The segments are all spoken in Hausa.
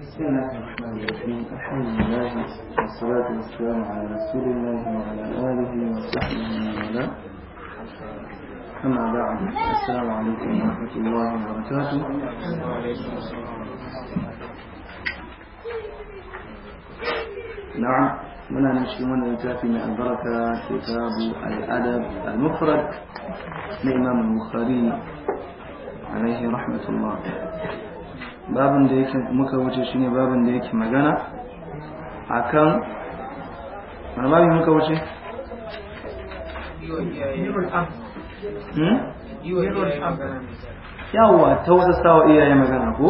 بسم الله الرحمن الرحيم الحمد لله والصلاة والسلام على رسول الله وعلى آله وصحبه ومن والاه أما بعد السلام عليكم ورحمة الله وبركاته نعم muna nan cikin wannan littafi mai albarka kitabu al-adab al-mufrad na babin da yake muka wuce shine babin da yake magana akan wani babin muka wuce hmm? yawwa tausasa wa iyaye magana ko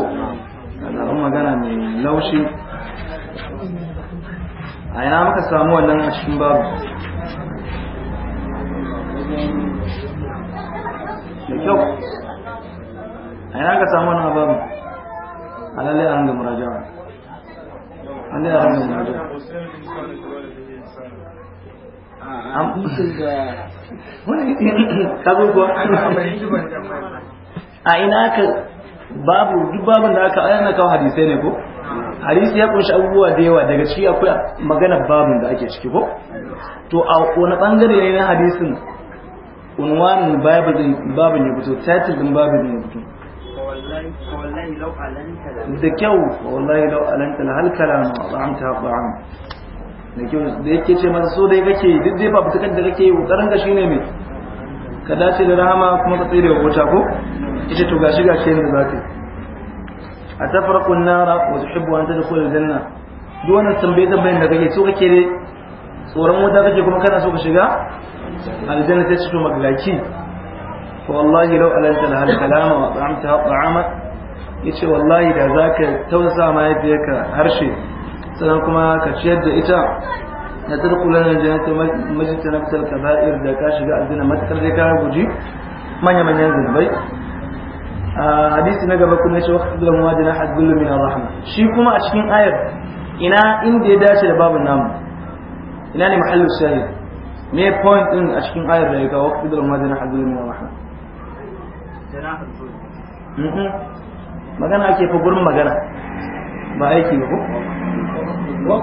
zaɓen magana mai laushi a yana muka samu wannan a cikin babu da kyau a yana ka samu wannan a babu a lalle a ringa muraja'a lalle a ringa muraja'a ah, ah. an fice da kazo ko a ah, ina ka babu duk babin da aka ayyana kawo hadisai ne ko hadisi ya kunshi abubuwa da yawa daga ciki akwai magana babin da ake ciki ko to a wani bangare ne na hadisin unwanin babin ya fito title din babin ya fito da kyau wallahi lau alanta la halkala ma ba'amta ba'am da kyau da yake ce masa so dai kake duk dai babu takan da kake yi kokarin ka shine me ka dace da rahama kuma ka tsere wuta ko ita to gashi gashi ne da zaka a tafarqu an-nara wa tuhibbu an tadkhula al-janna duk wannan tambaye bayan da kake so kake ne tsoron wuta kake kuma kana so ka shiga aljanna ta ce to maglaci fa wallahi lau alanta la halkala ma ba'amta ba'amat ya ce wallahi da za ka tausa mahaifiyarka harshe sannan kuma ka ciyar da ita na tarkulan da jannatin majita na fitar kaza'ir da ka shiga aljina matakar da ka guji manya-manyan zubai a hadisi na gaba kuma ce wakil da muwa jana hadbullu min rahma shi kuma a cikin ayar ina inda ya dace da babu namu ina ne mahallu shahid me point din a cikin ayar da ya kawo wakil da muwa jana hadbullu min rahma magana ake fi gurin magana ba aiki ba ko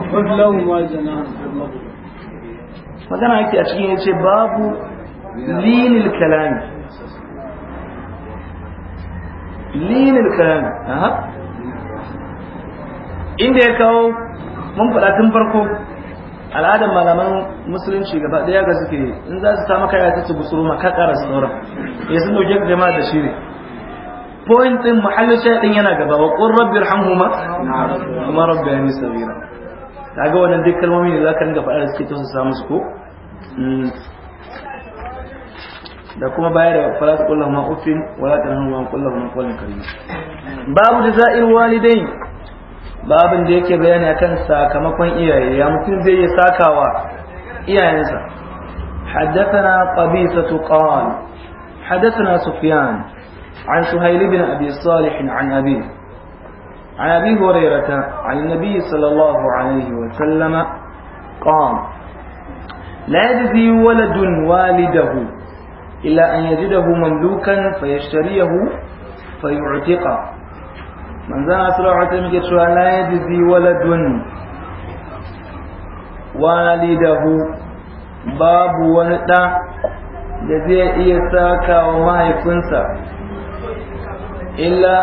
magana ake a cikin yace babu linil kalami linil kalami aha inda ya kawo mun faɗa tun farko al'adar malaman musulunci gaba ɗaya ga suke in za su samu kaya ta su busuru maka ƙara sauran ya sun ɗauke ka jama'a da shi ne point din mahallu shaɗin yana gaba wa qur rabbi irhamhuma kuma rabbi yani sabira kaga wannan duk kalmomi ne zaka ringa faɗa da suke tausasa musu ko hmm. da kuma bayar da fara kullu ma ufin wala tanhu ma kullu ma qawlan karim babu jazail walidain babin da yake bayani akan sakamakon iyaye ya mutum zai yi sakawa iyayensa حدثنا قبيصة قال حدثنا سفيان عن سهيل بن أبي صالح عن أبيه عن أبي هريرة عن النبي صلى الله عليه وسلم قال لا يجزي ولد والده إلا أن يجده مملوكا فيشتريه فيعتق من ذا صلى الله عليه وسلم لا يجزي ولد والده باب ولد ɗa da وما iya illa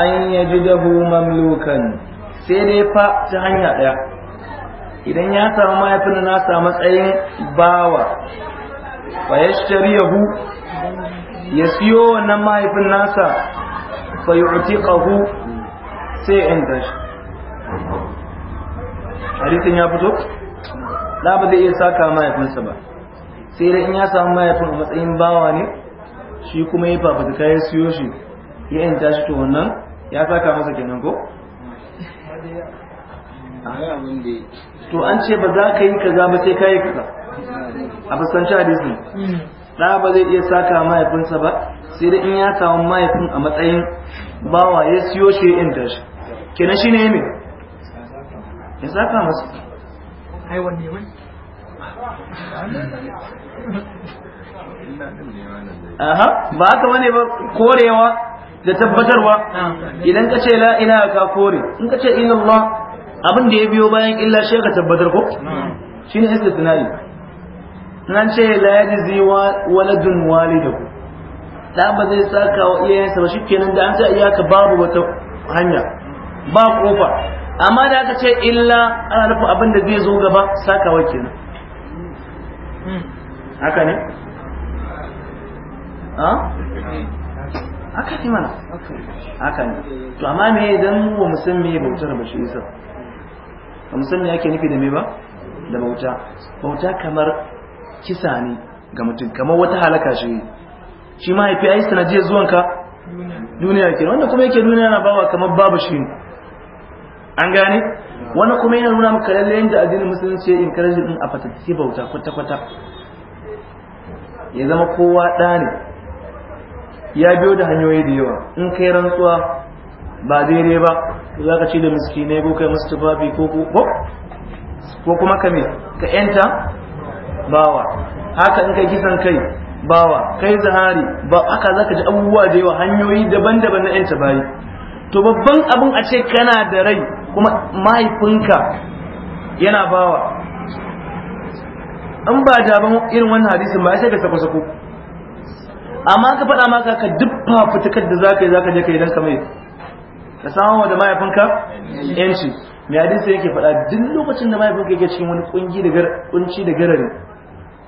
an yajidahu mamlukan sai dai fa ta hanya ɗaya idan ya samu mahaifin nasa matsayin bawa fa yashtariyahu ya hu? Ya siyo wannan mahaifin nasa fa yu'tiqahu sai in tashi hadisin ya fito da ba zai iya sa saka mahaifinsa ba sai dai in ya samu mahaifin a matsayin bawa ne shi kuma yi ya ta ya siyo shi ya in tashi to wannan ya saka masa kenan ko to an ce ba za ka yi kaza ba sai ka yi kaza a fuskanci hadisi hmm. da ba zai iya saka mahaifinsa ba sai da in ya kawo mahaifin a matsayin bawa ya siyo shi ya yin tashi kenan shi ne ya saka masa haiwan neman aha ba haka wane ba korewa da tabbatarwa idan ka ce la ilaha ka kore in ka ce Allah abin da ya biyo bayan illa shi ka tabbatar ko shine tunani nan ce la yajzi waladun walidahu da ba zai saka wa iyayensa ba shikenan da an ta iyaka babu wata hanya ba kofa amma da aka ce illa ana nufin abin da zai zo gaba sakawa kenan hmm. haka ne? Hmm. Ah? Hmm. haka ne mana haka ne to amma me dan wa musamman bauta ba shi yasa ba musamman yake nufi da me ba da bauta bauta kamar kisa ne ga mutum kamar wata halaka shi shi mahaifi ai sanadiyar zuwanka duniya ke wanda kuma yake duniya na bawa kamar babu shi an gane wanda kuma yana nuna maka lalle yanda addinin musulunci ya encourage din a fatattaki bauta kwata kwata ya zama kowa ɗa ne ya biyo da hanyoyi da yawa in kai rantsuwa ba daidai ba za ka ci da miskinai ko kai musu tufafi ko ko kuma ka ka yanta bawa haka in kai kisan kai bawa kai zahari ba haka za ka ji abubuwa da yawa hanyoyi daban-daban na yanta bayi to babban abin a ce kana da rai kuma mahaifinka yana bawa an ba da irin wannan hadisin ba ya sai ka sako-sako amma ka faɗa maka ka duffa fitakar da zaka yi zaka je kai dan ka mai ka samu da mahaifinka yanci mai hadisi yake faɗa duk lokacin da mahaifinka yake cikin wani kungi da kunci da garari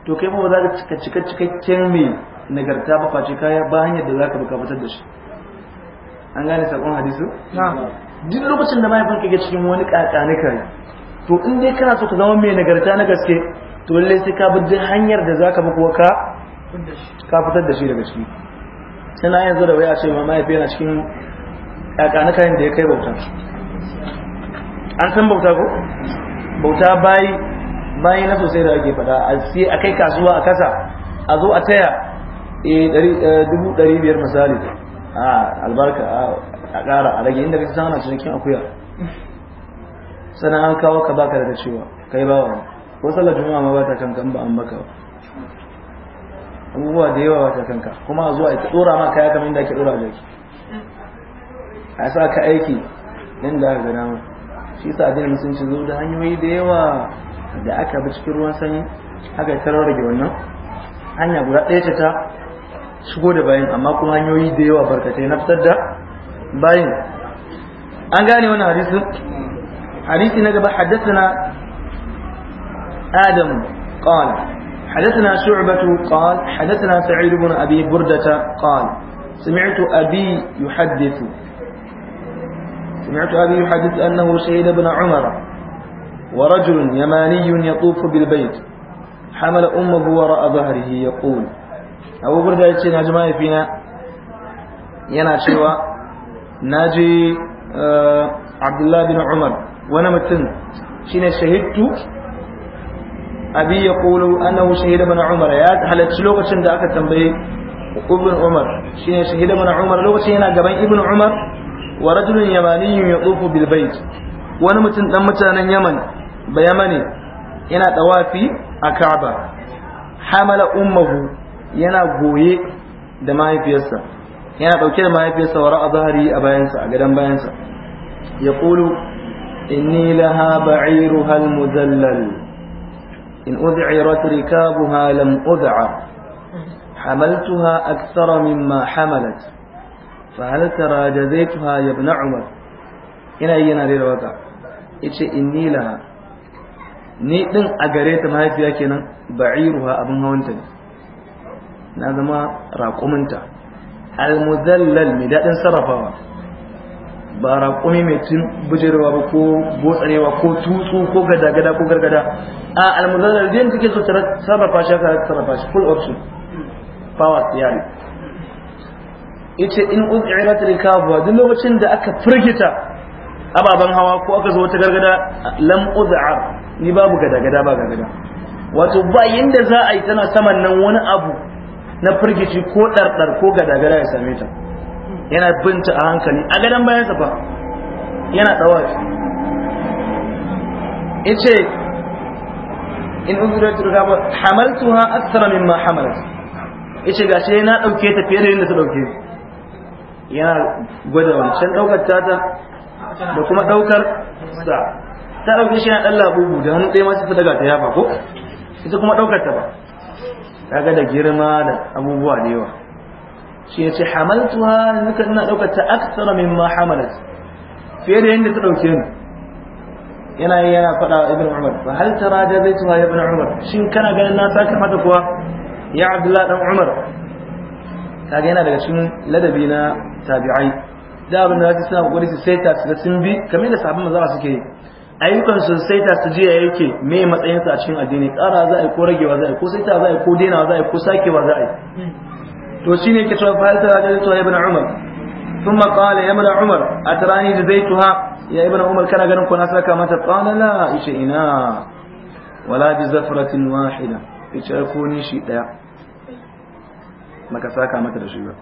to kai ba za ka cika cika cikakken mai nagarta ba face kaya ba hanyar da zaka buka fitar da shi an gane sakon hadisi duk lokacin da mahaifinka yake cikin wani kakanika to in dai kana so ka zama mai nagarta na gaske to lallai sai ka bi duk hanyar da zaka buka ka ka fitar da shi daga ciki ina yanzu da waya ce ma fiye na cikin kakana da ya kai bauta an san bauta ko bauta bayi bayi na sosai da ake fada a sai a kai kasuwa a kasa a zo a taya eh, eh, dubu ɗari biyar misali a albarka a ƙara a rage inda ka sana ana cikin akuya sannan an kawo ka baka daga cewa kai bawa ko sallar juma'a ma ba ta kankan ba an baka ba abubuwa da yawa wata kanka kuma a zuwa ita dora ma ya kamar inda ake dora ke. a sa ka aiki nan aka gana mu shi sa addinin sun ci zo da hanyoyi da yawa da aka bi cikin ruwan sanyi aka tarar rage wannan hanya guda ɗaya ce ta shigo da bayan amma kuma hanyoyi da yawa barkatai na fitar da bayan an gane wani hadisi hadisi na gaba haddasa na adam qala حدثنا شعبة قال حدثنا سعيد بن أبي بردة قال سمعت أبي يحدث سمعت أبي يحدث أنه شهد بن عمر ورجل يماني يطوف بالبيت حمل أمه وراء ظهره يقول أبو بردة يتسين أجمعي فينا ينا شوى ناجي آه، عبد الله بن عمر wani mutum shine shahidtu abi ya kulu annahu shahida mana umar ya halarci lokacin da aka tambaye ibn umar shine shahida mana umar lokacin yana gaban ibn umar wa rajulun yamaniyun ya bil bait wani mutum dan mutanen yaman ba yamani yana tawafi a ka'aba hamala ummuhu yana goye da mahaifiyarsa yana dauke da mahaifiyarsa wa ra'a zahari a bayansa a gadon bayansa ya kulu inni laha ba'iru hal muzallal إن أذعرت ركابها لم أذعر حملتها أكثر مما حملت فهل ترى يا ابن عمر إن أينا لي إيش إني لها ni din a gare ta mahaifiya kenan ba'iruha abin hawanta ne na zama raƙuminta almuzallal mai daɗin sarrafawa ba raƙumi mai cin bujirwa ba ko botsarewa ko tutsu ko gada-gada ko gargada a almuzarar jin kake so sarrafa shi aka sarrafa shi full option power theory ita in uz'irat rikabuha duk lokacin da aka firgita ababen hawa ko aka zo wata gargada lam uz'ar ni babu gada-gada ba gargada wato ba yanda za a yi tana saman nan wani abu na firgici ko ɗarɗar ko gada-gada ya same ta yana binta a hankali a gadon bayansa fa yana tsawafi yace in uzurat rugaba hamaltuha akthara mimma hamalat ga shi na dauke ta fiye da yadda ta dauke yana gwada wancan daukar tata da kuma daukar sa ta dauke shi na dan labubu da hannu ɗaya masu sai daga ta yafa ko ita kuma daukar ta ba kaga da girma da abubuwa da yawa shi ya ce hamaltuha nuka ina ɗaukar ta aksara min ma hamalat fiye da yadda ta ɗauke ni yana yi yana faɗa wa ibn umar fa hal tara da zai tuwa ibn umar shin kana ganin na saka mata kuwa ya abdullah dan umar kaga yana daga cikin ladabi na tabi'ai da abin da zaka suna kokari su saita su sun bi kamar da sabon maza suke yi ayyukan su saita su je yake me matsayin a cikin addini ƙara za a yi ko ragewa za a yi ko saita za a yi ko dainawa za a yi ko sakewa za a yi وسيني كتب فائدة لأجلتها يا ابن عمر ثم قال يا ابن عمر أتراني زبيتها يا ابن عمر كان قنقو نسلك ما قال لا إشئنا ولا بزفرة واحدة إشأكوني شيئا ما كساك ما تدشيبا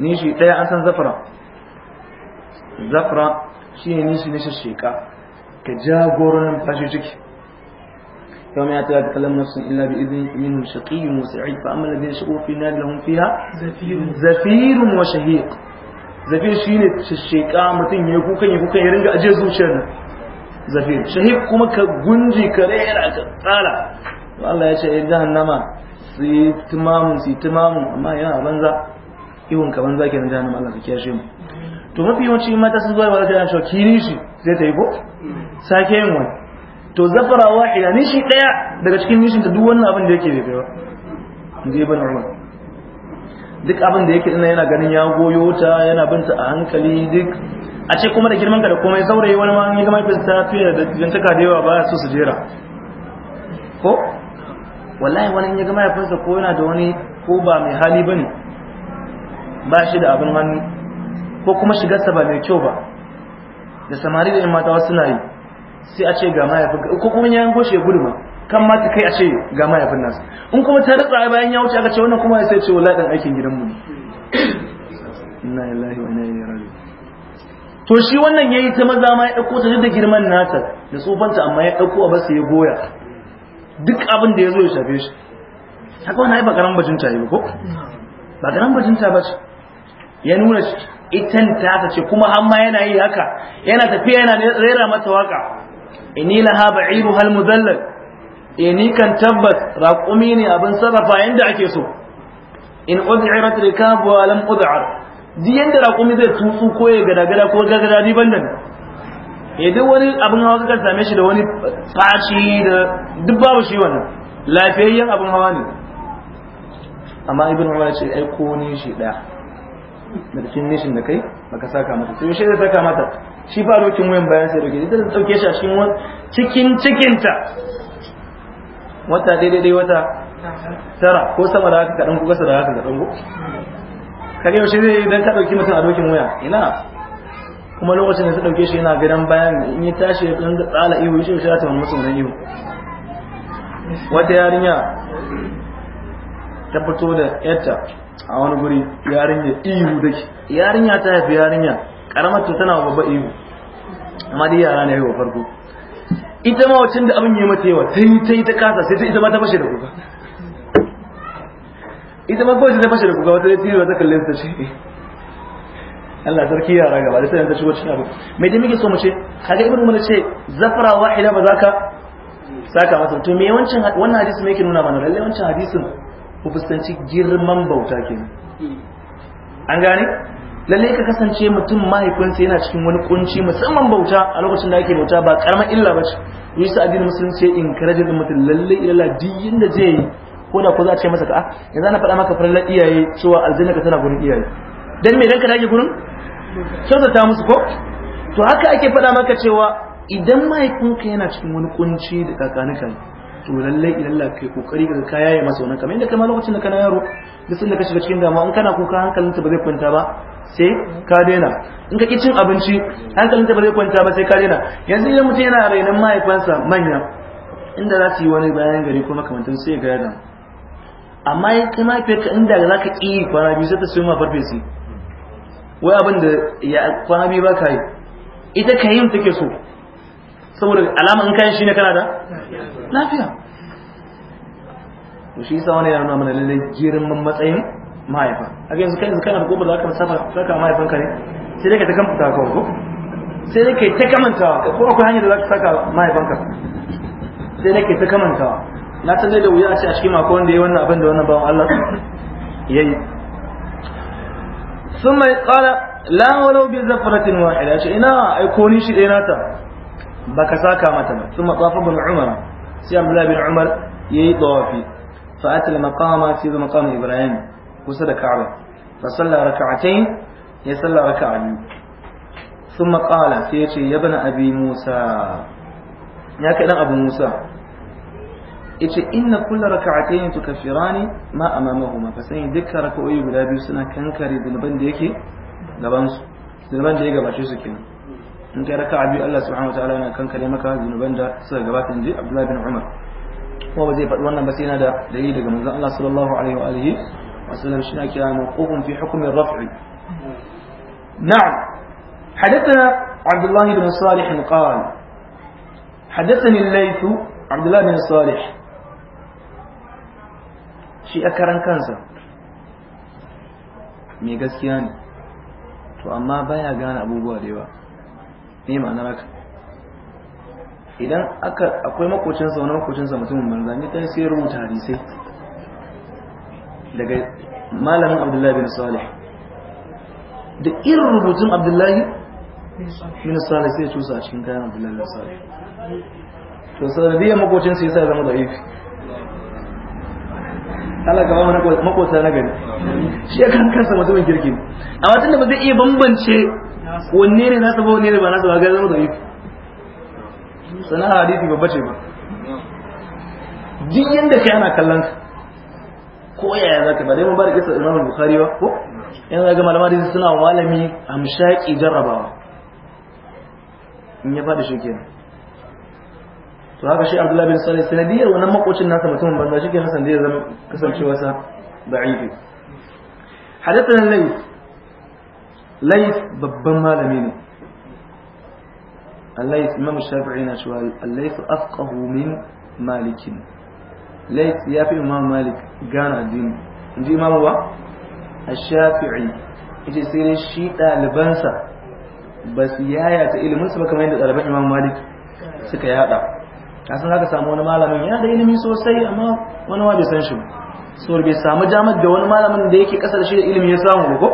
نيشي تيا أنسان زفرة زفرة شيء نيشي نيشي الشيكا كجاب غورنا مفاشي جكي يوم يأتي لا تكلم نفس إلا بإذن منه شقي وسعيد فأما الذين شقوا في النار لهم فيها زفير وشهيق زفير شيء الشيكا متين يكو كان يرنجا أجي زوشان زفير شهيق كما كغنجي كريرا كتالا والله يا شهيق جهنم سي تمام سي تمام أما يا بنزا إيوان كبنزا كان جهنم الله كياشيم تو mafi yawanci mata sun zo da mata tana cewa kini shi zai ta yi to zafara wahida nishi daya daga cikin nishin ta duk wannan abin da yake bai kai ba inji ibn umar duk abin da yake ina yana ganin ya goyo ta yana binta a hankali duk a ce kuma da girman ka da komai saurayi wani ma ya gama ta fiye da jantaka da yawa ba su su jera ko wallahi wani ya gama yafinsa ko yana da wani ko ba mai hali ba ne ba shi da abin hannu ko kuma shigarsa ba mai kyau ba da samari da 'yan mata wasu na yi sai a ce ga mahaifin ko kuma ya goshe gurma ya gudu kan ma ta kai a ce ga mahaifin nasu in kuma ta ritsa bayan ya wuce aka ce wannan kuma sai ce wallahi dan aikin gidanmu ne inna lillahi wa inna ilaihi raji'un to shi wannan yayi ta maza ma ya dauko ta da girman nata da tsufanta amma ya dauko a basa ya goya duk abin da ya zo ya shafe shi haka ai ba karan bajinta yi ko ba bajin ta ba ce ya nuna itan ta ce kuma har ma yana yi haka yana tafiya yana rera mata waka inni laha ba'iru hal mudallal inni eh, kan tabbas raƙumi ne abin sarrafa yanda ake so in ud'irat rikabu wa lam ud'ar di yanda raƙumi zai tsutsu ko ya gada-gada ko gada gada ban nan ya eh, duk wani abin hawa ka same shi da wani faci da duk babu shi wannan lafiyayyen abin hawa ne amma ibn umar ce ai ko ne shi daya da cikin nishin da kai baka saka mata to shi zai saka mata shi ba dokin wayan bayan sai dauke ita ta dauke shi a cikin cikinta wata daidai dai wata tara ko sama da haka kaɗan ko gasa da haka kaɗan ko kare yaushe zai yi don ka ɗauki mutum a dokin waya ina kuma lokacin da ta ɗauke shi yana gidan bayan in yi tashi ya ɗan tsala ihu shi ya ta wani mutum don ihu wata yarinya ta fito da yarta a wani guri yarinya ihu da yarinya ta haifi yarinya karamar ta tana babba iyo amma dai yara ne wa farko ita ma wacin da abin yi mata yawa ta yi ta yi ta kasa sai ta ita ma ta fashe da kuka ita ma kawai ta fashe da kuka wata da tiri wata kallon ta ce Allah sarki yara gaba da sai ta shigo cikin abu mai da muke so mu ce kaga ibnu mun ce zafara wahida ba za ka saka masa to me yawancin wannan hadisi mai ke nuna mana lalle yawancin hadisin ku fuskanci girman bauta kenan an gane lalle ka kasance mutum mahaifinsa yana cikin wani kunci musamman bauta a lokacin da ake bauta ba karamar illa ba ce yi adini musulun ce in inkarajar da mutum lalle ilala diyin da zai yi ko da ko za a ce masa ka ah, yanzu ana faɗa maka farallar iyaye cewa aljanna ka tana gurin iyaye dan me dan ka dage gurin kyautata musu ko to haka ake faɗa maka cewa idan mahaifinka yana cikin wani kunci da kakanikan, to lallai ilalla kai kokari ga kaya ya masa wannan kamar inda kai ma lokacin da kana yaro da sun da ka shiga cikin damuwa in kana kuka hankalinta ba zai kwanta ba sai eh, ka daina in ka cin abinci hankalin ta ba zai kwanta ba sai ka daina yanzu idan mutum yana rainon mahaifansa manya inda za su yi wani bayan gari ko makamantan sai ga yadda amma ya kai ka inda za ka ƙi kwana biyu sai ta siyo ma farfesi wai abin da ya kwana biyu ba ka yi ita ka yin take so saboda alama in kayan shi ne kana da lafiya to shi yasa wani yana nuna mana lallai girman matsayin mahaifa a yanzu kai yanzu kana hukumar da aka musafa saka mahaifan ka ne sai dai ka ta kamfuta ka ko sai dai kai ta kamantawa ko akwai hanyar da za ka saka mahaifan ka sai dai kai ta kamantawa na san da wuya a ce a cikin mako wanda ya yi wannan abin da wannan bawan Allah ya yi sun mai kala lawalau bi zafaratin wahida ce ina aikoni shi ɗaya nata ba ka saka mata ba sun matsafa bin umar sai abdullahi bin umar ya yi tsawafi fa'atil maqama sai zama maqamin ibrahim kusa da ka'aba fa salla rak'atayn ya salla raka'a biyu thumma qala sai ya ce ya bana abi musa ya kai dan abu musa yace inna kullu rak'atayn tukaffirani ma amamahuma fa sai dukkan rak'o'i guda biyu suna kankare zulban da yake gaban su zulban da ya gabace su kenan in kai raka'a biyu Allah subhanahu wa ta'ala yana kankare maka zunuban da suka gabata inji Abdullah bin Umar kuma ba zai faɗi wannan ba sai yana da dalili daga manzon Allah sallallahu alaihi wa alihi wasallam shi na kira mawqufun fi hukmi raf'i na'am hadathana abdullah ibn salih qala hadathani al-layth abdullah ibn salih shi a karan kansa mai gaskiya ne to amma baya gane abubuwa da yawa idan akwai makocinsa wani makocinsa mutumin banza ne ta sai rubuta hadisai daga malamin abdullahi bin salih da irin rubutun abdullahi bin salih sai cusa a cikin kayan abdullahi bin salih to sanadiyar makocin sai sa zama da yi Allah gaba mana makota na gani shi ya kan kansa mutumin kirki a watan da ba zai iya bambance wanne ne nasa ba wanne ne ba nasa ba ga zama da ifi sana'a hadisi babba ce ba duk yanda kai ana kallon su. ko yaya zaka ba dai mun bari kisa Imam Bukhari ba ko yanzu ga malama da suna walami amshaki jarrabawa in ya fadi shi kenan to haka shi Abdullah bin Salih sanadiyar wannan makocin nasa mutumin banza shi ke Hassan ya zama kasancewa sa da'ifi hadathana Layth Layth babban malami ne Allah ya Imam Shafi'i na cewa Al-Layth afqahu min Malikin lais ya fi imam malik gane addini in ji imamu ba a shafi'i ita sai dai shi ɗalibansa ba su yaya ta ilimin su ba kamar yadda ɗaliban imam malik suka yada ka san haka samu wani malamin ya da ilimi sosai amma wani ma bai san shi so bai samu damar da wani malamin da yake kasar shi da ilimi ya samu ba ko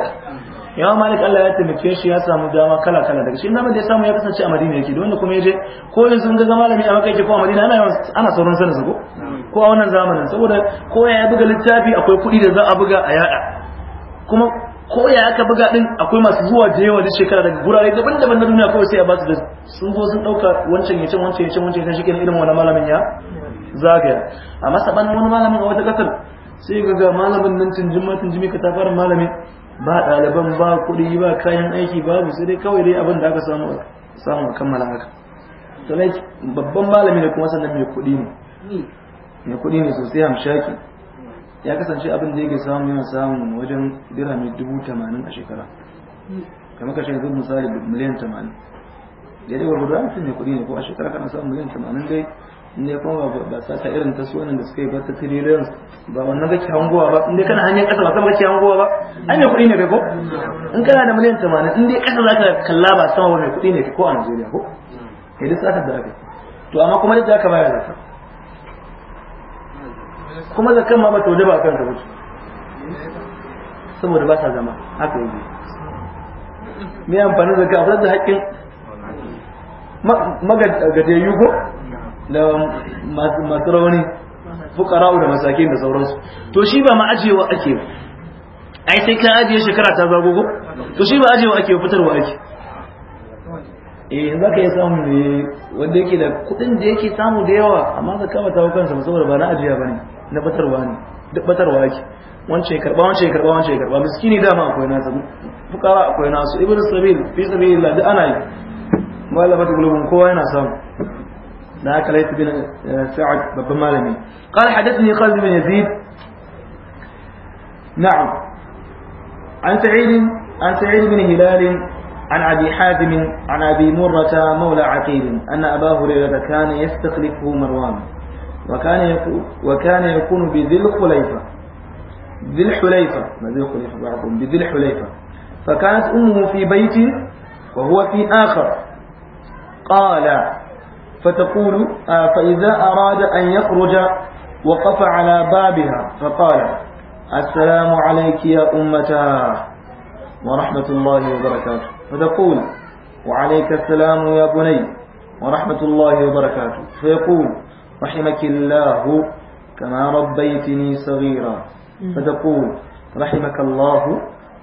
yawa malik Allah ya taimake shi ya samu dama kala kala daga shi namar da ya samu ya kasance a madina yake da wanda kuma ya je ko yanzu ga malami a maka yake ko a madina ana sauran sanin su ko ko a wannan zamanin saboda ko ya buga littafi akwai kuɗi da za a buga a yada kuma ko ya aka buga din akwai masu zuwa da yawa da shekara daga gurare daban-daban na duniya kawai sai a basu da sun zo sun ɗauka wancan ya can wancan ya can wancan ya shi kenan irin wani malamin ya zagaya a saban wani malamin a wata ƙasar sai ga malamin nan tunjima tunjimi ka ta fara malami ba ɗaliban ba kuɗi ba kayan aiki babu sai dai kawai dai abin da aka samu samu kammala haka to babban malami ne kuma sannan mai kuɗi ne mai kuɗi ne sosai hamshaki ya kasance abin da yake samun yawan samun wajen dirhami dubu tamanin a shekara kamar kashe yanzu misali miliyan tamanin da ya gwargwado an fi mai kudi ne ko a shekara kana samun miliyan tamanin dai ne kuma ba sa ta irin ta suwanin da suka yi ba ta tiriliyan ba wannan gaci hangowa ba in dai kana hanyar ƙasa ba sama gaci hangowa ba an mai kuɗi ne kai ko in kana da miliyan tamanin in dai ƙasa za ka kalla ba sama ba mai kuɗi ne ko a Najeriya ko ya duk sa da to amma kuma duk da aka bayar ta. kuma zakan ma bata wajaba kan ka wuce saboda ba sa zama haka yake me amfani da a da haƙƙin yi ko da masu rauni fukara da masakin da sauransu to shi ba ma ajewa ake ba ai sai ka ajiye shekara ta zago ko to shi ba ajiyewa ake fitarwa ake eh za ka yi samu ne wanda yake da kudin da yake samu da yawa amma zakka kama ta kansa saboda ba na ajiya ba ne na batarwa ne duk batarwa yake wance ya karba wance ya karba wance ya karba miskini dama akwai nasa fukara akwai nasu ibnu sabil fi sabilillah duk ana yi malamat gulubun kowa yana samu da haka laifi bin sa'ad babban malami qala hadathani khalid bin yazid na'am an sa'id an sa'id bin hilal عن أبي حازم عن أبي مرة مولى عقيل أن أبا هريرة كان يستخلفه مروان وكان يكون وكان يكون بذي الخليفة ذي الحليفة ما ذي الخليفة بعضهم بذي الحليفة فكانت أمه في بيت وهو في آخر قال فتقول آه، فإذا أراد أن يخرج وقف على بابها فقال السلام عليك يا أمتاه ورحمة الله وبركاته فتقول وعليك السلام يا بني ورحمة الله وبركاته فيقول رحمك الله كما ربيتني صغيرا فتقول رحمك الله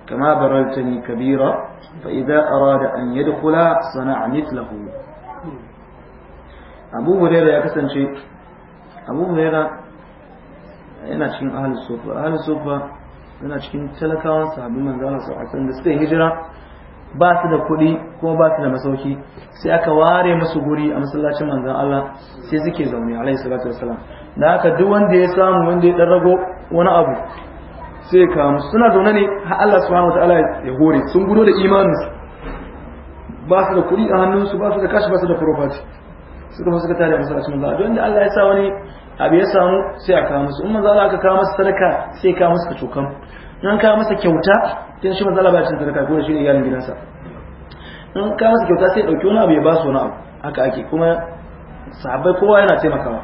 كما بررتني كبيرا فإذا أراد أن يدخل صنع مثله أبو هريرة يا كسن شيء أبو هريرة أنا أهل الصوفة أهل الصوفة أنا أشكين تلكا صحابي من قال صلى الله عليه وسلم هجرة ba su da kuɗi kuma ba su da masauki sai aka ware musu guri a masallacin manzan Allah sai suke zaune alaihi salatu wasalam da haka duk wanda ya samu wanda ya dan rago wani abu sai ya musu suna zaune ne har Allah subhanahu wataala ya hore sun gudo da imaninsu ba su da kuɗi a hannunsu ba su da kashi ba su da property suka fa suka tare masallacin manzon Allah don da Allah ya sa wani abu ya samu sai a kawo musu in manzon Allah aka kawo masa sadaka sai ya kawo ka kacokan in ka masa kyauta tun shi manzo Allah ba shi sadaka ko shi ne iyalin gidansa in ka masa kyauta sai dauki wani abu ya ba su wani abu haka ake kuma sahabbai kowa yana taimakawa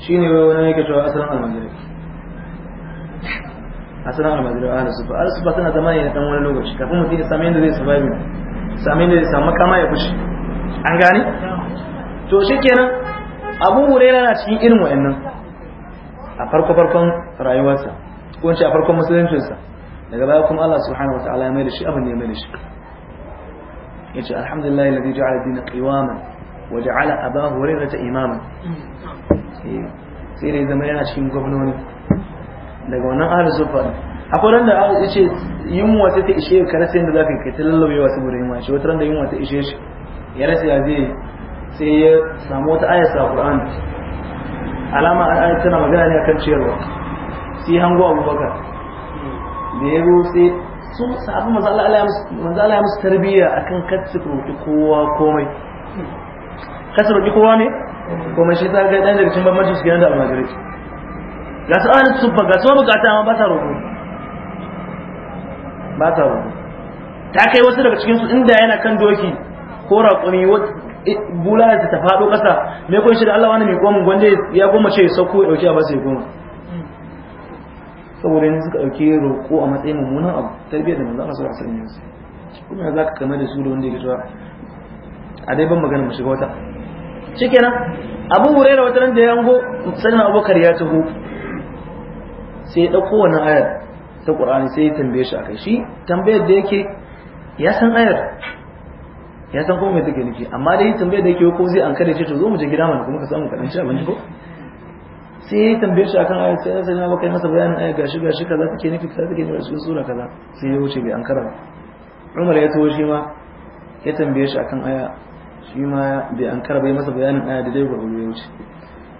Shi ne wani yake cewa asalin almajiri asalin almajiri a ahlus sufa al sufa suna zama ne dan wani lokaci kafin mutum ya sami yadda zai survive sami yadda zai samu makama ya kuce. an gane to kenan, abu hurairah na cikin irin wa'annan a farko farkon rayuwarsa ko a farkon musuluncinsa daga baya kuma Allah subhanahu wataala ya mai da shi abin ya mai da shi yace alhamdulillah alladhi ja'ala ad-din qiwaman wa ja'ala abahu hurairata imaman sai dai zama yana cikin gwamnoni daga wannan ahli sufa akwai ran da ya ce yunwa ta ta ishe ka rasa yadda zaka kai ta lallabe wasu gurin yunwa shi wata ran da yunwa ta ishe shi ya rasa ya je sai ya samu wata aya sa Qur'an alama ayar tana magana ne akan ciyarwa sai hango Abubakar da ya zo sai su sabu manzo Allah ya musu tarbiyya akan katsu roki kowa komai katsu roki kowa ne komai shi ta ga dan daga cikin bambancin su da almajiri ga su an su ga su bukata ma ba ta roƙo ba ta roƙo ta kai wasu daga cikin su inda yana kan doki ko raƙumi da ta faɗo ƙasa me kun shi da Allah wani mai goma gwanda ya goma ce ya sauko ya dauki a basu ya goma saboda yanzu suka ɗauki roƙo a matsayin mummunan abu tarbiyyar da manzon Allah sallallahu alaihi wasallam kuma za ka kamar da su da wanda yake cewa a dai ban magana mu shiga wata shikenan Abu Hurairah wata nan da ya hango sanin Abubakar ya taho sai ya ɗauko wani ayar ta Qur'ani sai ya tambaye shi akai shi tambayar da yake ya san ayar ya san kuma mai take nufi amma dai tambayar da yake ko zai an kada ce to zo mu je gida mana kuma ka samu kaɗan ci abinci ko sai ya tambaye shi akan ayat sai sai na baka masa bayanin ayat gashi gashi kaza take nufi kaza take nufi cikin sura kaza sai ya wuce bai an karanta Umar ya tawo shi ma ya tambaye shi akan aya shi ma bai an ya masa bayanin aya da dai gurbu ya wuce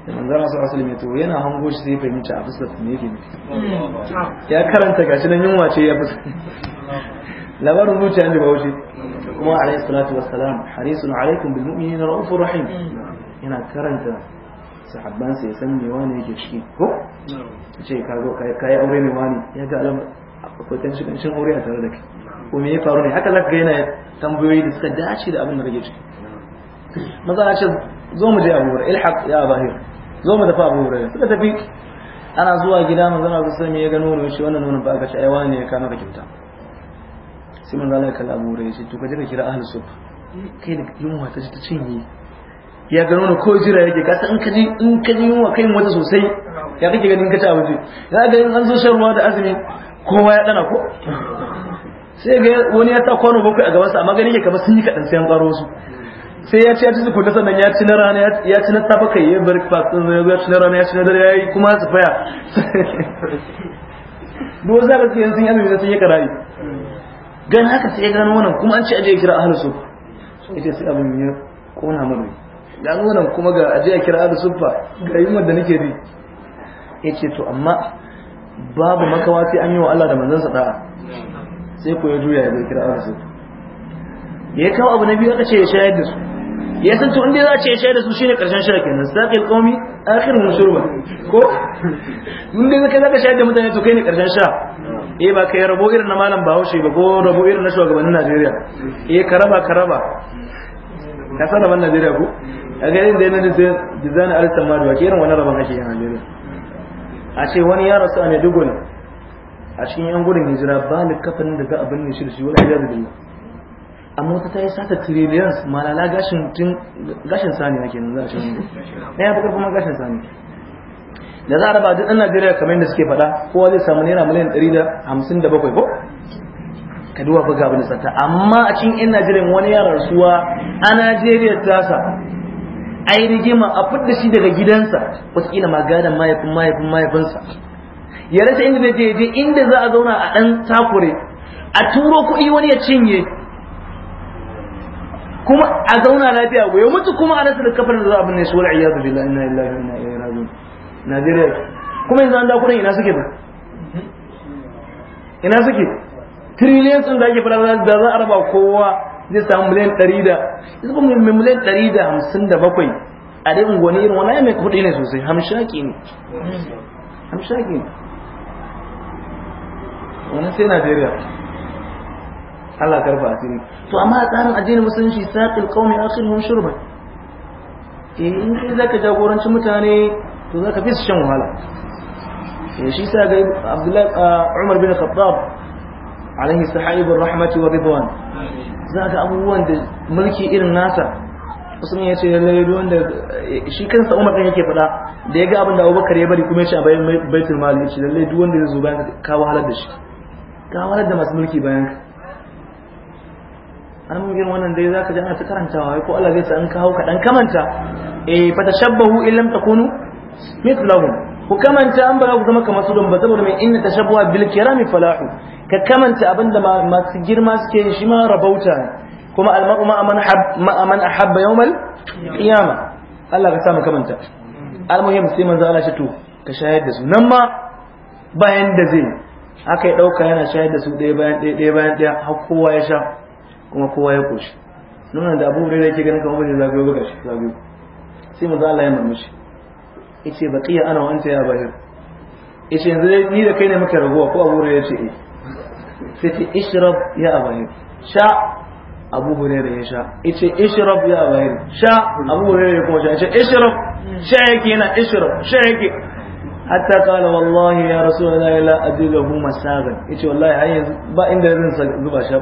da manzara su asali mai tawo yana hango shi sai fahimta a fuskar me yake nufi ya karanta gashi nan yunwa ce ya fuskar labarin zuciya ne ba wuce kuma alaihi salatu wassalam harisun alaikum bil mu'minina raufur rahim yana karanta sahabban ya san me wani yake ciki ko ce ka zo ka yi aure me wani ya ga alama akwai shi kanshin aure a tare da kai ko me ya faru ne haka za ga yana tambayoyi da suka dace da abin da rage ciki maza na ce zo mu je abu hurairah ilhaq ya bahir zo mu dafa abu hurairah suka tafi ana zuwa gida manzo na kusa me ya ga nono shi wannan nono ba ka ci ai wani ne ya kama ka kyauta sai manzo Allah ya kalla abu hurairah ya to ka jira kira ahlus sufa kai da yunwa ta ta cinye ya gano da ko jira yake ka san kaji in kaji yunwa kai wata sosai ya kake ganin ka ci abinci ya ga in an zo shan ruwa da azumi kowa ya dana ko sai ga wani ya sa kwano bakwai a gabasa, amma gani yake kamar sun yi kaɗan sai an ƙaro su sai ya ci ya ci tukunna sannan ya ci na rana ya ci na safa kai ya breakfast din ya ci na rana ya ci na dare ya yi kuma su faya duk wasu ka sai sun yi azumi sun yi karai gan haka sai ya gano wannan kuma an ci aje kira ahlus sunna sai sai abin ya kona mu ga nan kuma ga aje a kira da suffa ga yunwar da nake bi. ya ce to amma babu makawa sai an yi wa Allah da sa da'a sai ku ya juya ya zai kira da suffa ya kawo abu na biyu aka ce ya shayar da su ya san to inda za a ce ya shayar da su shine karshen shirin kenan saqi qawmi akhiruhum shurba ko inda zaka zaka shayar da mutane to kai ne karshen sha eh ba kai rabo irin na malam Bahaushe ba ko rabo irin na shugabannin Najeriya eh ka raba ka raba ka san raban Najeriya ko a ganin da yanayin sai jizani alistan maduwa ke irin wani rabon ake a najeriya a ce wani ya rasu a dugun a cikin yan gudun hijira ba ni kafin da za a binne shi da shi wani ya da amma wata ta yi sata trillions malala gashin tun gashin sani ake nan za a cikin na ya fi karfin gashin sani da za a raba duk ɗan najeriya kamar yadda suke faɗa kowa zai samu naira miliyan ɗari da hamsin da bakwai ko ka duba buga abin sata amma a cikin yan najeriya wani ya rasuwa a najeriya tasa ai rigima a fudda shi daga gidansa wasu ma gadon mahaifin mahaifin mahaifinsa ya rasa inda zai je inda za a zauna a ɗan takure a turo kuɗi wani ya cinye kuma a zauna lafiya ya mutu kuma a rasa da kafar da za a binne shi wal iyadu billahi inna lillahi wa inna ilaihi raji'un Najeriya kuma yanzu an da kuɗin ina suke ba ina suke trillions din da ake fara da za a raba kowa zai samu miliyan ɗari da zai kuma miliyan ɗari da hamsin da bakwai a dai unguwanni irin wani mai kuɗi ne sosai hamshaki ne hamshaki ne wani sai najeriya Allah karfa a cikin to amma a tsarin addinin musulunci kawai a akhiruhum shurban ba in kai ka jagoranci mutane to za ka fi su shan wahala ya shi sa ga Abdullah Umar bin Khattab alaihi sahaibur rahmati wa ridwan za ga abubuwan da mulki irin nasa ne ya ce lallai ruwan da shi sa umar ɗin yake faɗa da ya ga abin da abubakar ya bari kuma ya ce a bayan baitul mali ya ce lallai duk wanda ya zo bayan ka wahalar da shi ka wahalar da masu mulki bayan ka an mun wannan dai zaka ji ana ta karantawa ko Allah zai sa an kawo kaɗan kamanta eh fa tashabbahu illam takunu mithlahum ku kamanta an bara ku zama kamar su don ba saboda mai inna tashabbuha bil kirami falahu ka kamanta abin da masu girma suke yin shi ma rabauta ne kuma almaru ma'aman a habba yau mal ƙiyama Allah ka samu kamanta almuhim sai manzo Allah shi to ka shayar da su nan ma bayan da zai aka yi ɗauka yana shayar da su ɗaya bayan ɗaya ɗaya bayan ɗaya har kowa ya sha kuma kowa ya koshi nuna da abu da yake ganin kamar bai zagayo ga shi zagayo sai manzo Allah ya murmushi ce baƙiya ana wa anta ya bahir yace yanzu ni da kai ne muka raguwa ko abu ya ce eh sai ce ishrab ya abayir sha abu hurera ya sha ice ishrab ya abayir sha abu hurera ya kuma sha ice ishrab sha yake yana ishrab sha yake hatta kala wallahi ya rasu da la adilahu masagan ice wallahi har yanzu ba inda zan zuba sha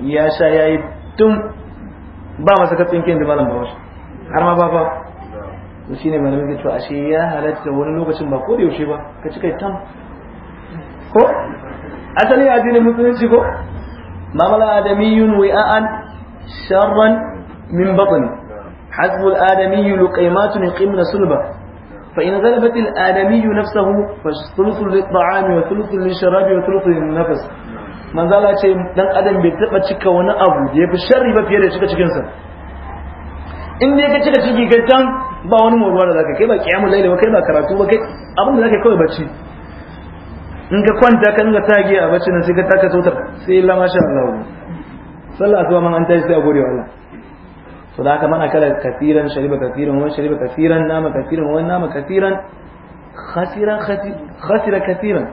ya sha yayi tun ba masa katsin kin da malam wasu har ma ba ba to shine malamin ke cewa ashe ya halatta wani lokacin ba ko da yaushe ba ka ci kai tam ko asali addinin musulunci ko mamala adamiyun wi'an sharran min batni حسب الآدمي لقيمات يقيمن صلبة فإن غلبت الآدمي نفسه فثلث للطعام وثلث للشراب وثلث للنفس من ذا ce dan adam bai taba cika wani abu da yafi sharri ba fiye da cika cikin sa in dai ka cika ciki kai tan ba wani morwa da zaka kai ba kiyamul kai ba karatu kai da kai kawai bacci in ka kwanta kan ga tage a bacci nan sai ka taka sautar sai illa masha Allah sallah asuba man an tashi sai a gode wa Allah to da haka mana kala kafiran shariba kafiran wani shariba kafiran nama kafiran wani nama kafiran khasira khasira kafiran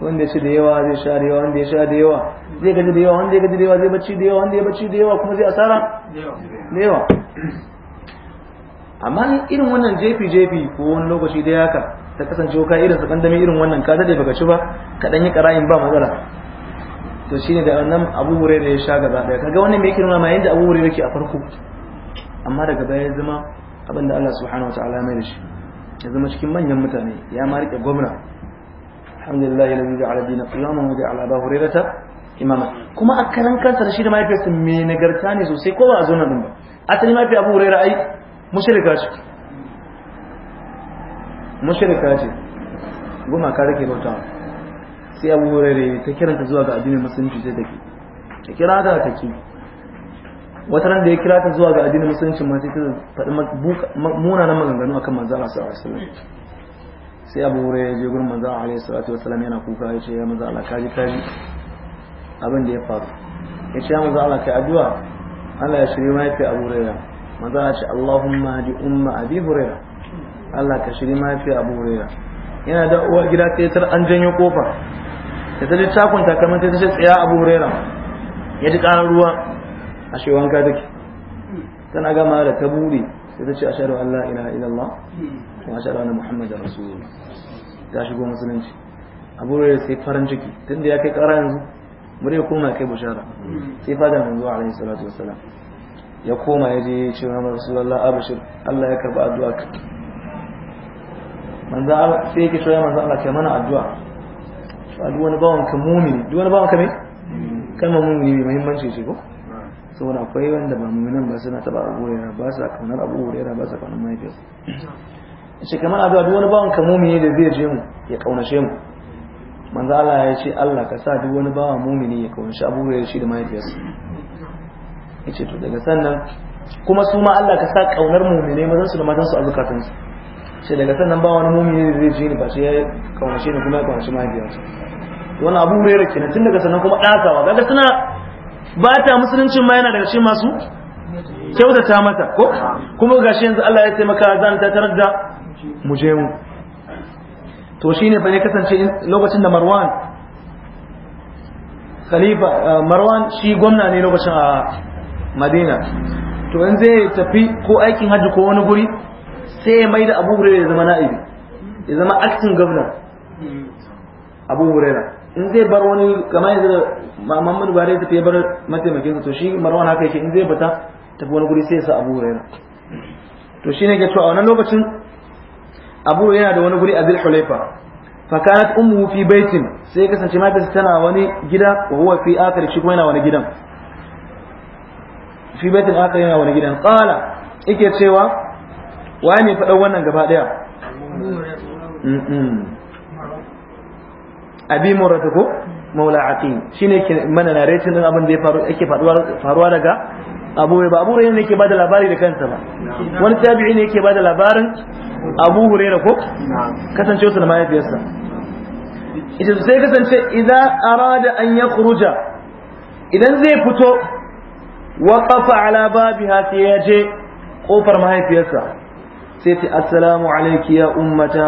wanda ya ci da yawa zai sha da yawa wanda ya sha da yawa zai gaji da yawa wanda ya gaji da yawa zai bacci da yawa wanda ya bacci da yawa kuma zai asara da yawa amma irin wannan jefi jefi ko wani lokaci da yaka ta kasance ka irin sa kandami irin wannan ka dade baka ci ba ka dan yi karayin ba matsala to shine da wannan Abu Hurairah ya sha gaba daya kaga wannan me yake nuna ma yanda Abu Hurairah yake a farko amma daga baya ya zama abin da Allah subhanahu wataala ya mai da shi ya zama cikin manyan mutane ya ma rike gwamna alhamdulillah alladhi ja'ala dina qiyaman wa ja'ala Abu Hurairah imama kuma a karan kansa da shi da mahaifiyarsa me nagarta ne sosai ko ba a zo na din ba asali mahaifiyar Abu Hurairah ai mushrika shi mushrika ce gumaka rake bauta sai abu hurare ta kiranta zuwa ga addinin musulunci sai take ta kira ta take wata ran da ya kira ta zuwa ga addinin musulunci ma sai ta faɗi munanan maganganu akan manzo Allah sallallahu alaihi wasallam sai abu hurare ya je gurin manzo Allah alaihi wasallam yana kuka ya ce ya manzo Allah kaji kaji abin da ya faru ya ce ya manzo Allah kai addu'a Allah ya shirye mai fi abu hurare manzo Allah ce Allahumma hadi umma abi hurare Allah ka shiri mahaifiyar abu huraira yana da uwa gida ta tar an janyo kofa da ta ji takun takamin ta ce tsaya abu huraira ya ji ƙarar ruwa a shi wanka take tana gama da ta buri sai ta ce a shaɗu Allah ila Allah kuma a shaɗu wani Muhammad da Rasulullah ta shigo musulunci abu huraira sai farin ciki tun da ya kai ƙara yanzu bari ya koma kai bushara sai fada manzo alaihi salatu wassalam ya koma ya je ya ce wa Rasulullah abashir Allah ya karba addu'a manzo Allah sai yake cewa manzo Allah kai mana addu'a to duk wani bawan ka mumin duk wani bawan ka me kalma mumin ne muhimmanci ce ko saboda akwai wanda ba muminan ba suna taba abu ya ba sa kaunar abu hurera ba sa kaunar mahaifiyarsa ce mana addu'a duk wani bawan ka ne da zai je mu ya kaunace mu manzo Allah ya ce Allah ka sa duk wani bawa mumini ya kaunace abu hurera shi da mahaifiyarsa ce to daga sannan kuma su ma Allah ka sa kaunar mumini mazan su da matan su a zukatansu sai daga sannan ba wani mumini zai ji ni ba sai ya kaunace ni kuma ya kaunace mahaifiyarsa wani abu hurera kenan tun daga sannan kuma ɗasawa daga suna ba ta musuluncin ma yana daga cikin masu kyautata mata ko kuma ga shi yanzu Allah ya taimaka zan ta tarar da mu je mu to shine ne bane kasance lokacin da Marwan Khalifa eh, Marwan shi gwamna ne lokacin a Madina to in zai tafi ko aikin hajji ko wani guri sai ya mai da abu hurairu ya zama na'ibi ya zama acting governor abu hurairu in zai bar wani kama yanzu da mamman bare ta fiye bar mataimakin to shi marwan haka yake in zai bata tafi wani guri sai ya sa abu hurairu to shi ne ke cewa a wannan lokacin abu yana da wani guri a zil hulaifa fakanat ummu fi baitin sai kasance matarsa tana wani gida wa huwa fi akhir shi kuma yana wani gidan fi baitin akhir yana wani gidan qala yake cewa wa ne faɗa wannan gaba ɗaya abi murata ko maula aqim shine ke mana narrating din abin da ya faru yake faruwa daga abu ba abu ne yake bada labari da kansa ba wani tabi'i ne yake bada labarin abu hurairah ko kasance su da mahaifiyarsa ita sai kasance idan arada an ya kuruja idan zai fito waqafa ala babiha sai ya je kofar mahaifiyarsa sai ta assalamu alaiki ya ummata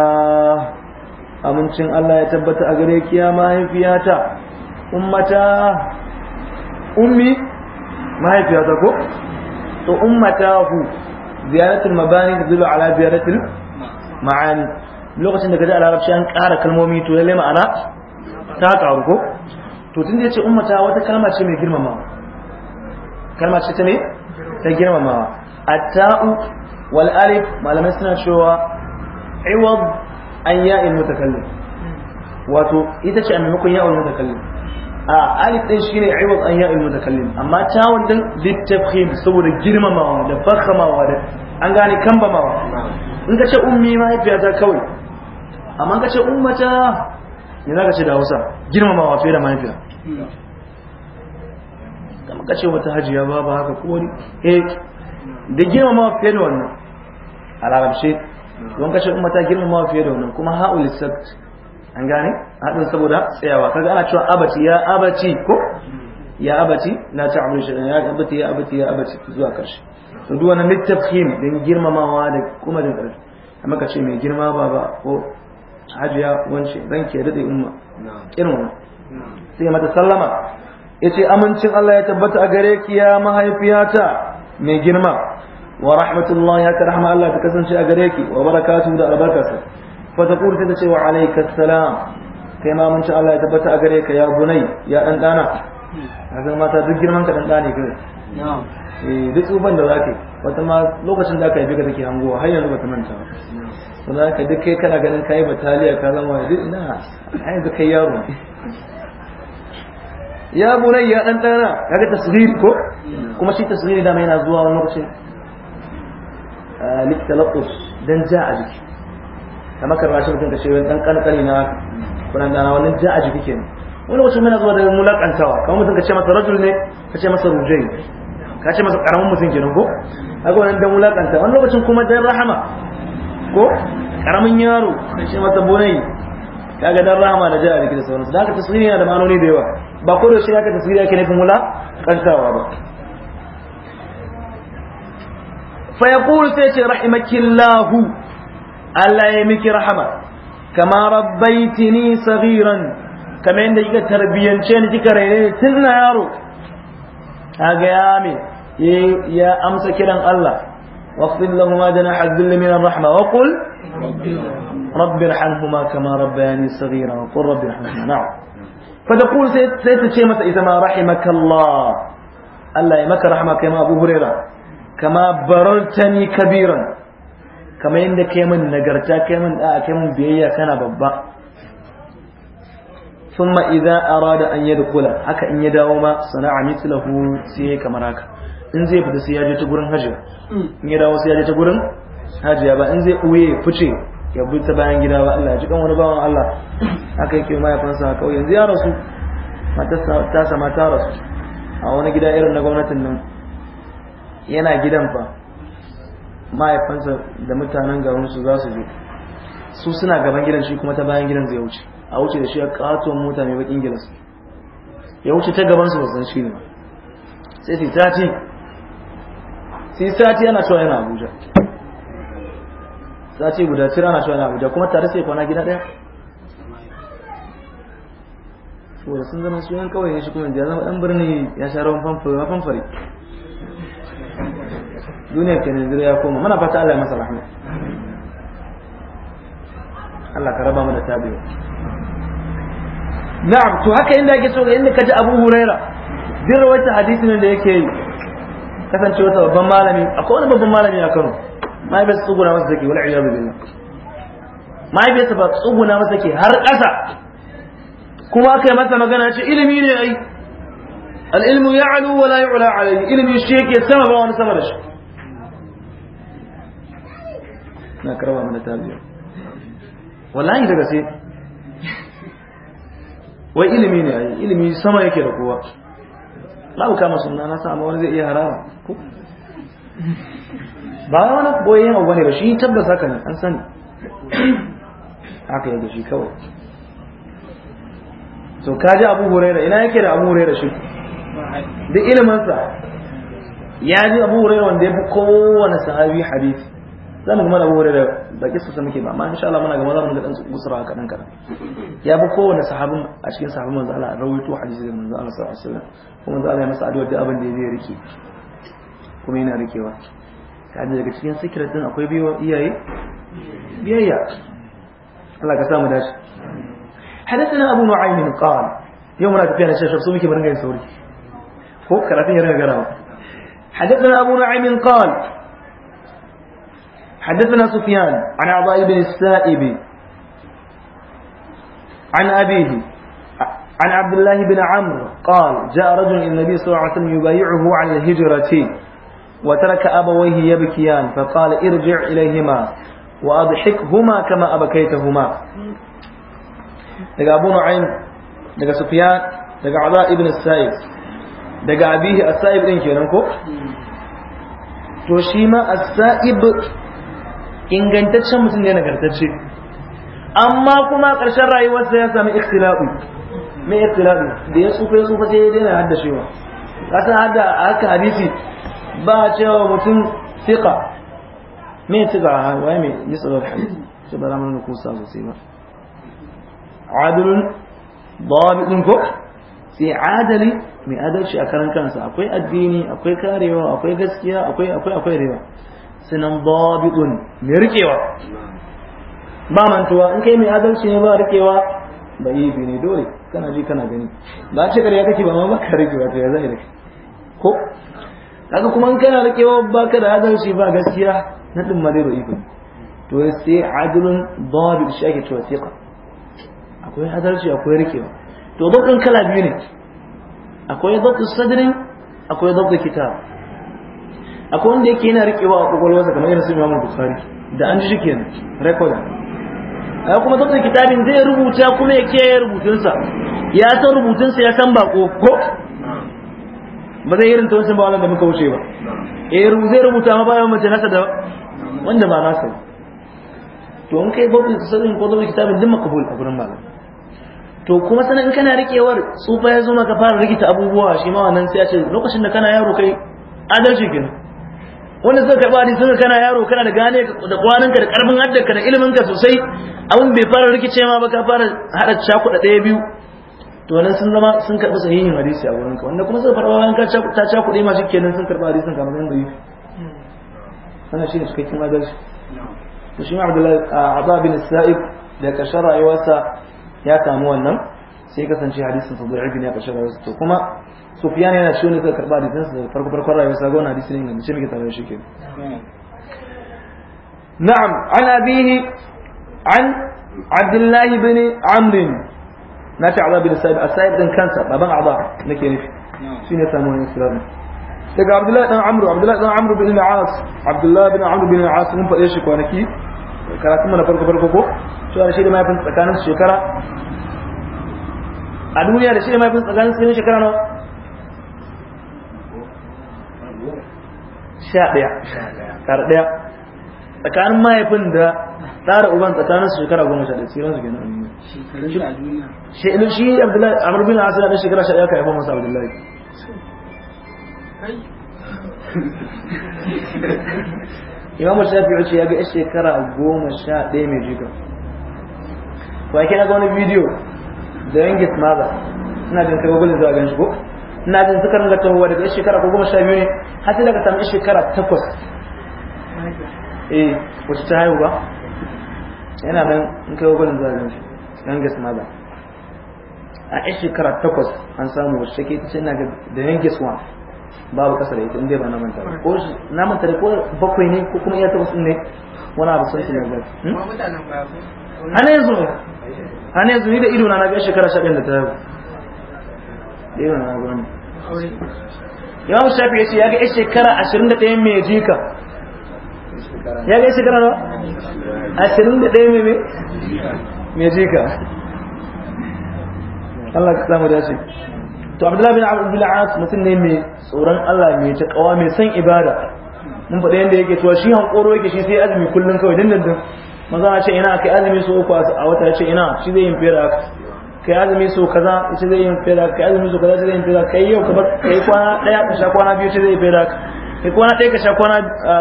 amincin Allah ya tabbata a gare ki ya mahaifiyata ummata ummi mahaifiyata ko to ummatahu ziyaratul mabani tadullu ala ziyaratul ma'ani lokacin da kaji a larabci an ƙara kalmomi to lalle ma'ana ta karu ko to tun da yace ce ummata wata kalma ce mai girmamawa kalma ce ta ne ta girmamawa atta'u والالف ما لم يسنى شو عوض الياء المتكلم واتو اذا شيء من يكون ياء المتكلم اه الف دين شيء عوض الياء المتكلم اما تاون دين للتفخيم سبب الجرم ما هو ده فخ ما هو ده ان غاني كم ما هو ان كاش امي ما هي بيها كوي اما ان كاش امتا ina ka ce da Hausa girma ma wa fere mafiya kamar ka ce wata hajiya ba ba haka kowani eh da girma ma wa fere wannan a larabce don kashe kuma ta girmama fiye da wannan kuma ha'ul sakt an gane haɗin saboda tsayawa kaga ana cewa abati ya abati ko ya abati la ta'budu shirin ya abati ya abati ya abati zuwa karshe to duk wannan don din girmamawa da kuma da ƙarfi amma ka ce mai girma ba ko hajiya wance zan ke dade umma irin wannan sai mata sallama yace amincin Allah ya tabbata a gare ki ya mahaifiyata mai girma wa rahmatullahi haka rahma Allah ta kasance a gare ki wa barakatu da albarkarsa fa ta kurta ta ce wa alayka salam kai ma mun ci Allah ya tabbata a gare ka ya bunai ya dan dana kaga mata duk girman ka dan dane kai na'am eh duk uban da zaka wata ma lokacin da aka yi bika take hangowa har yanzu ta manta ba za ka duk kai kana ganin kai bataliya ka zama duk ina a yanzu kai yaro ya bunai ya dan dana kaga tasghir ko kuma shi tasghir da mai na zuwa wani lokacin littalakus dan ja a jiki kamar karba shi mutum ka ce wani dan kankani na kuran dana wani ja a jiki kenan wani wacce muna zuwa da mulakantawa kamar mutum ka ce masa rajul ne ka ce masa rujai ka ce masa karamin mutum kenan ko haka wani dan mulakanta wani lokacin kuma dan rahama ko karamin yaro ka ce masa bonai kaga dan rahama da ja a jiki da sauransu da haka tasiri yana da ma'anoni da yawa ba ko da shi haka tasiri yake nufin mulakantawa ba fa yaqulu sai ce rahimakillahu Allah ya miki rahama kama rabbaitini saghiran kamar yadda kika tarbiyance ni kika raine ni tun na yaro kaga ya me ya amsa kiran Allah waqfil lahum janaha dhill min ar-rahma wa qul rabbi irhamhuma kama rabbayani saghira wa qul rabbi irhamhuma na'am fa taqul sai sai ta ce masa ita ma ya maka rahma kai ma Abu kama barartani kabiran kama yadda kai min nagarta kai min da'a kai min biyayya kana babba thumma idza arada an yadkhula haka in ya dawo ma sana'a mithluhu sai kamar haka in zai fita sai ya je ta gurin hajiya in ya dawo sai ya je ta gurin hajiya ba in zai uye fice ya bi ta bayan gida ba Allah ya ji kan wani bawan Allah haka yake mahaifinsa fansa kawai yanzu ya rasu matarsa ta sama ta rasu a wani gida irin na gwamnatin nan yana gidan fa mahaifansa da mutanen garinsu za su zo su suna gaban gidan shi kuma ta bayan gidan zai wuce a wuce da shi a katon mota mai bakin gilas ya wuce ta gaban su wasan shi ne sai sai sati sai sati yana cewa yana abuja sati guda tira na cewa yana abuja kuma tare sai kwana gida daya saboda sun zama su yan kawai ya shi kuma ya zama dan birni ya sha rawan famfari duniyar kenan zira ya koma muna fata Allah ya masa rahma Allah ka raba mu da tabiya na'am to haka inda yake so inda kaji Abu Huraira din rawaita hadisin da yake yi kasancewa babban malami akwai wani babban malami a Kano mahaifiyarsa tsuguna masa take wal iyadu billah mahaifiyarsa ba tsuguna masa take har ƙasa kuma aka yi masa magana ce ilimi ne ai al ilmu ya'lu wa la yu'la alayhi ilimi shi yake sama ba wani sama da shi na karama mana taliya wallahi daga sai wai ilimi ne ai ilimi sama yake da kowa babu kama sunna na sa amma wani zai iya harama ko ba wani boye abu ne ba shi tabbas haka ne an sani haka yake shi kawai so ji abu huraira ina yake da abu huraira shi duk iliminsa ya ji abu huraira wanda ya fi kowane sahabi hadisi zan mu kuma da wuri da kisa sa muke ba amma insha Allah muna ga maza mun ga dan gusura dan kadan ya bi kowane sahabin a cikin sahabin manzo Allah rawaito hadisi da manzo Allah sallallahu alaihi wasallam kuma manzo Allah ya masa addu'a da abin da ya rike kuma yana rikewa kaji daga cikin sikirar din akwai biyo iyaye biyayya Allah ka samu dace حدثنا أبو نعيم قال يومنا تبيان الشيخ شخص مكي برنجا يسوري فوق كراتين garawa حدثنا أبو نعيم قال حدثنا سفيان عن عطاء بن السائب عن أبيه عن عبد الله بن عمرو قال جاء رجل إلى النبي صلى الله عليه وسلم يبايعه على الهجرة وترك أبويه يبكيان فقال ارجع إليهما وأضحكهما كما أبكيتهما لقى أبو نعيم لقى سفيان لقى Ata بن السائب لقى أبيه السائب saib din توشيما السائب ingantaccen mutum ne nagartacce amma kuma ƙarshen rayuwarsa ya sami ikhtilafi mai ikhtilafi da ya tsufa ya tsufa sai ya daina haddashewa kasan hada haka hadisi ba a cewa mutum siƙa me a ha wai me ni tsaro hadisi to ba ramu kusa sa sai ba adalun dabitun ko sai adali mai adalci a karan kansa akwai addini akwai karewa akwai gaskiya akwai akwai akwai rewa sunan babiun mai rikewa ba mantuwa in kai mai adalci ne ba rikewa ba yi bi ne dole kana ji kana gani ba ce kare ya kake ba ma ba ka rikewa to ya zai da ko kaga kuma in kana rikewa ba ka da adalci ba gaskiya na din ma dai ba iko to sai adalun babid shi ake cewa sai akwai adalci akwai rikewa to dukkan kala biyu ne akwai dabtu sadrin akwai dabtu kitab akwai wanda yake yana riƙewa a kwakwalwarsa kamar yana sun yawon bukari da an ji shi kenan rekoda ai kuma saboda kitabin zai rubuta kuma ya kiyaye rubutunsa ya san rubutunsa ya san bako ko ba zai irin tawancin ba wannan da muka wuce ba eh zai rubuta ma bayan mace nasa da wanda ba nasa to in kai babu sanin ko da kitabin din makabul a gurin malam to kuma sanan in kana rikewar tsufa ya zo maka fara rikita abubuwa shi ma wannan sai a ce lokacin da kana yaro kai adalci kenan wanda zai karɓi hadisin ka kana yaro kana da gane da kwananka da karfin haddarka da iliminka sosai abin bai fara rikice ma ba ka fara hada cakuɗa ɗaya biyu to nan sun zama sun karɓi sahihin hadisi a wurinka wanda kuma suka farɓa bayan ta cakuɗe ma shi kenan sun karɓi hadisin kamar yadda yi wannan shi ne cikakken shi to shi ma abdullahi abba bin sa'ib da ƙarshen rayuwarsa ya kamu wannan sai kasance hadisin sa da'ifi ya a ƙarshen rayuwarsa to kuma sufiyan yana shi cikin suka karba hadisin sa farko farkon rayuwar sa gona hadisin ne ce muke tare shi ke na'am an abihi an abdullah ibn amr na ta abu bin sa'id as-sa'id din kansa baban aba nake nufi shine samu wani sirrin daga abdullah dan amru abdullah dan amru bin al-as abdullah bin amru bin al-as mun faɗe shi kwanaki karatun mana farko farko ko to shi da mahaifin tsakanin shekara a duniya da shi da mahaifin tsakanin shekara nawa sha ɗaya kar ɗaya tsakanin mahaifin da tsara uban tsakanin su shekara goma sha ɗaya tsiran su kenan annabi shi shi abdullahi amr bin asira da shekara sha ɗaya ka haifa masa abdullahi imamu shafi ce ya ga shekara goma sha ɗaya mai jika ko ake na ga wani bidiyo da youngest mother ina jin kai gwagwalin zuwa gan shi ko na jin suka ringa tahowa daga shekara ko goma sha biyu ne har sai daga samu shekara takwas eh wacce ta haihu ba yana nan in kai gwagwarin zuwa yanzu don gas ma ba a yan shekara takwas an samu wacce take ta ce na ga da youngest one babu kasar ita in dai ba na manta ba ko na manta da ko bakwai ne ko kuma iya takwas ne wani abu sun shi na ba ana yanzu ana yanzu ni da ido na na ga shekara sha da ta yau da yawan na gani yawan shafi ya ce ya ga ya shekara 21 mai jika ya ga ya shekara nawa 21 mai mai jika Allah ka samu dace to abdullahi bin abdul as mutum ne mai tsoron Allah mai takawa mai son ibada mun faɗa yadda yake to shi hankoro yake shi sai azumi kullum kawai dindindin maza ce ina kai azumi su uku a wata ce ina shi zai yin fera haka kai azumi so kaza ita zai yin fira kai azumi so kaza ita zai yin fira kai yau kamar kai kwana daya ka sha kwana biyu ita zai fira kai kwana daya ka sha kwana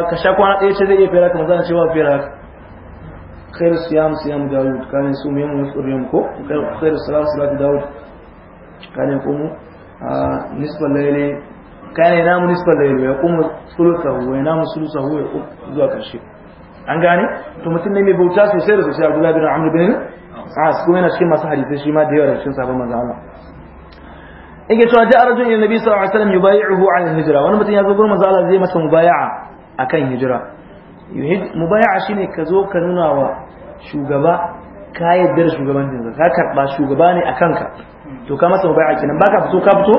ka sha kwana daya ita zai yin fira kuma zan cewa fira khairu siyam siyam daud kan su mai mun tsuriyam ko khairu salat salat daud kan ko mu nisba layli kan ina mu nisba layli ya kuma sulusahu wa yana mu sulusahu ya zuwa karshe an gane to mutum ne mai bauta sosai da sosai Abdullah bin Amr bin as ah, kuma yana cikin masu hadisi shi ma da yawa cikin sabon manzo Allah yake cewa ja'a rajulun ila nabi sallallahu alaihi wasallam yubayi'uhu 'ala hijra wani mutum ya zo gurin manzo Allah zai masa mubaya'a akan hijira mubaya'a shine ka zo ka nuna wa shugaba ka da shugabancin ka karba shugaba ne akan ka to ka masa mubaya'a kenan baka fito ka fito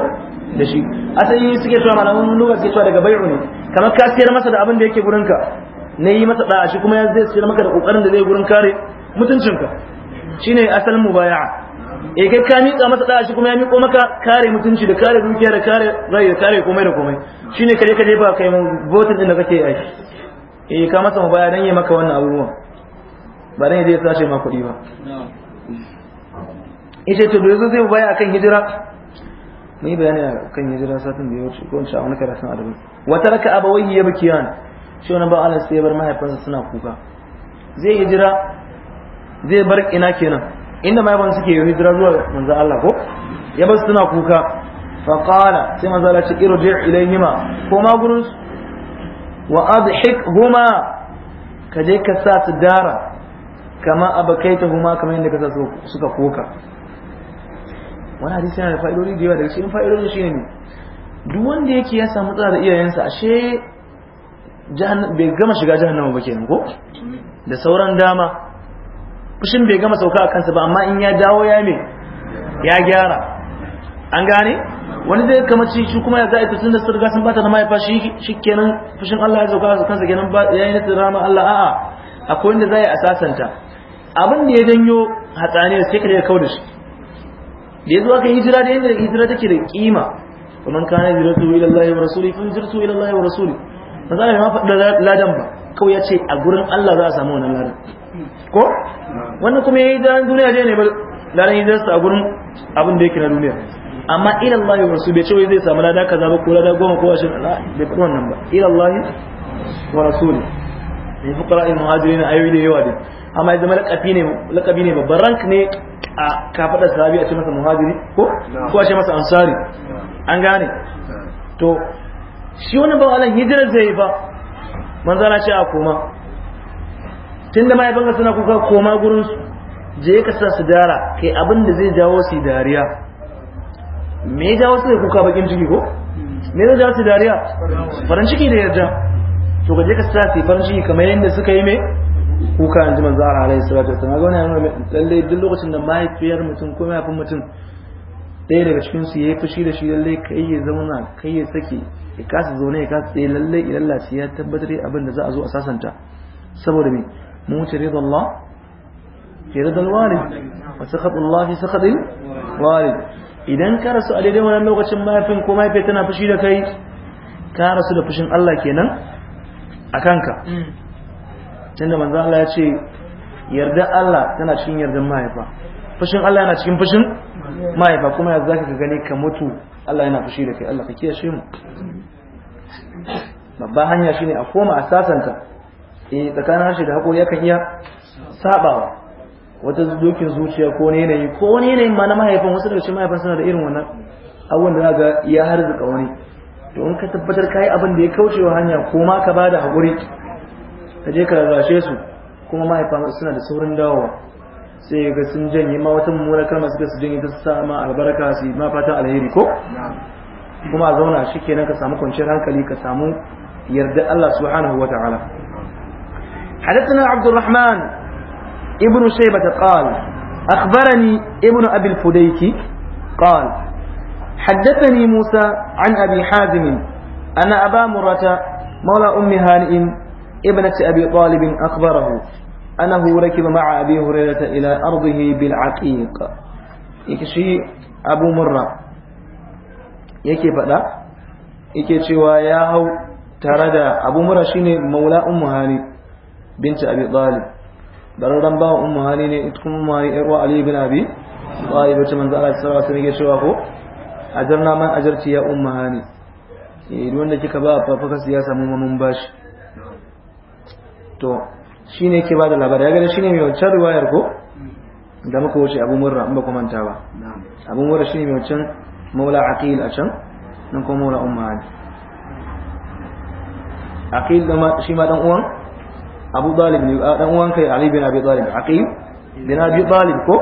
da shi asali suke cewa malamun lugha suke cewa daga bai'u ne kamar ka siyar masa da abin da yake gurin ka na yi masa da'a shi kuma ya zai siyar maka da kokarin da zai gurin kare mutuncinka shine asalin mubaya'a eh kai ka mika masa da shi kuma ya miko maka kare mutunci da kare dukiya da kare rai da kare komai da komai shine kare ka jefa kai mun botin din da kake aiki eh ka masa mubaya dan yayi maka wannan abubuwan ba dan zai sace ma kuɗi ba yace to dole zai mubaya'a kan hijira ni bayani kan hijira satin da ya wuce ko insha Allah a adabi wa taraka abawayhi yabkiyan shi wannan ba Allah sai ya bar mahaifansa suna kuka zai hijira zai bar ina kenan inda ma suke yi hijira zuwa manzo Allah ko ya bar suna kuka fa qala sai manzo Allah ce irji' ilayhima ko ma gurun su wa adhikhuma ka je ka sa su dara kama huma kamar yadda ka sa suka kuka wani hadisi yana da fa'idodi da yawa daga cikin fa'idodin shine ne duk wanda yake ya samu tsara iyayensa ashe bai gama shiga jahannama ba kenan ko da sauran dama fushin bai gama sauka a kansa ba amma in ya dawo ya me ya gyara an gane wani zai kama ci shi kuma ya za a ita tunda sun sun bata na mahaifa shi kenan fushin Allah ya sauka a kansa kenan ba ya yi na rama Allah a'a akwai wanda za a yi a sasanta abin da ya janyo hatsaniyar sai ka daga kawo da shi da ya zuwa ka hijira da yadda hijira take da kima ومن كان هجرته الى الله ورسوله فهجرته الى الله ورسوله ba za a ma faɗi ladan ba kawai ya ce a gurin Allah za a samu wannan ladan ko wannan kuma yayi da duniya dai ne ba lalan yin zasta a gurin abin da yake na duniya amma ila Allah ya rasul bai ce wai zai samu lada kaza ba ko lada goma ko ashirin Allah bai fi wannan ba ila Allah wa rasul ne fuqara al muhajirin yau da yawa dai amma ya zama lakabi ne lakabi ne babban rank ne a kafadar sahabi a ce masa muhajiri ko ko a ce masa ansari an gane to shi wani bawalan hijirar zai yi ba manzana ce a koma tun da mahaifanka suna kuka koma gurinsu je ka sa su dara kai abin da zai jawo su dariya me ya jawo su da kuka bakin ciki ko me zai jawo su dariya farin ciki da yarda to ka je ka sa su farin ciki kamar yadda suka yi me kuka yanzu manzo Allah alaihi ta wasallam ga wannan lallai duk lokacin da mahaifiyar mutum ko mahaifin mutum ɗaya daga cikinsu ya yi fushi da shi lalle kai ya zauna kai ya saki ya kasa zaune ya kasa tsaye lalle ya ya tabbatar abin da za a zo a sasanta saboda me mu wuce rida Allah ke rida alwalid wa sakhat Allah fi sakhat alwalid idan ka rasu a daidai wannan lokacin mahaifin ko mahaifin tana fushi da kai ka rasu da fushin Allah kenan a kanka mm. tunda manzo Allah ya ce yarda Allah tana cikin yardan mahaifa fushin Allah yana cikin fushin mahaifa kuma yanzu zaka ka gani ka mutu Allah yana fushi da kai Allah ka kiyashe mu mm. babban hanya shine a koma a sasanta eh tsakanin harshe da ya kan iya sabawa wata dokin zuciya ko ne ne ko ne yanayin ma na mahaifin wasu daga cikin mahaifin suna da irin wannan abun da zaka ya harzuka wani to in ka tabbatar ka yi abin da ya kaucewa hanya ko ma ka bada hakuri ka je ka rarrashe su kuma mahaifa suna da saurin dawowa sai ga sun janye ma wata mummunar kalma suka su janye ta sa ma albarka su ma fatan alheri ko kuma zauna shi kenan ka samu kwanciyar hankali ka samu yarda Allah subhanahu wataala حدثنا عبد الرحمن ابن شيبة قال أخبرني ابن أبي الفديك قال حدثني موسى عن أبي حازم أن أبا مرة مولى أم هانئ ابنة أبي طالب أخبره أنه ركب مع أبي هريرة إلى أرضه بالعقيق يكشي أبو مرة يكي faɗa يكي cewa ya تردى أبو مرة شيني مولى أم هانئ binti abi talib bararran bawan ummu hali ne ita kuma mai hani yarwa ali bin abi talib wacce manzo Allah sallallahu alaihi wasallam ya cewa ko ajarna man ajarti ya ummu hali eh duk wanda kika ba fafakas ya samu mun bashi to shine yake bada labari ya ga shine mai wancan riwayar ko da muka wuce abu murra in ba ku manta ba abu murra shine mai wancan maula aqil a can nan kuma maula ummu hali aqil da shi ma dan uwan abu talib ne dan uwan kai ali bin abi talib aqil bin abi talib ko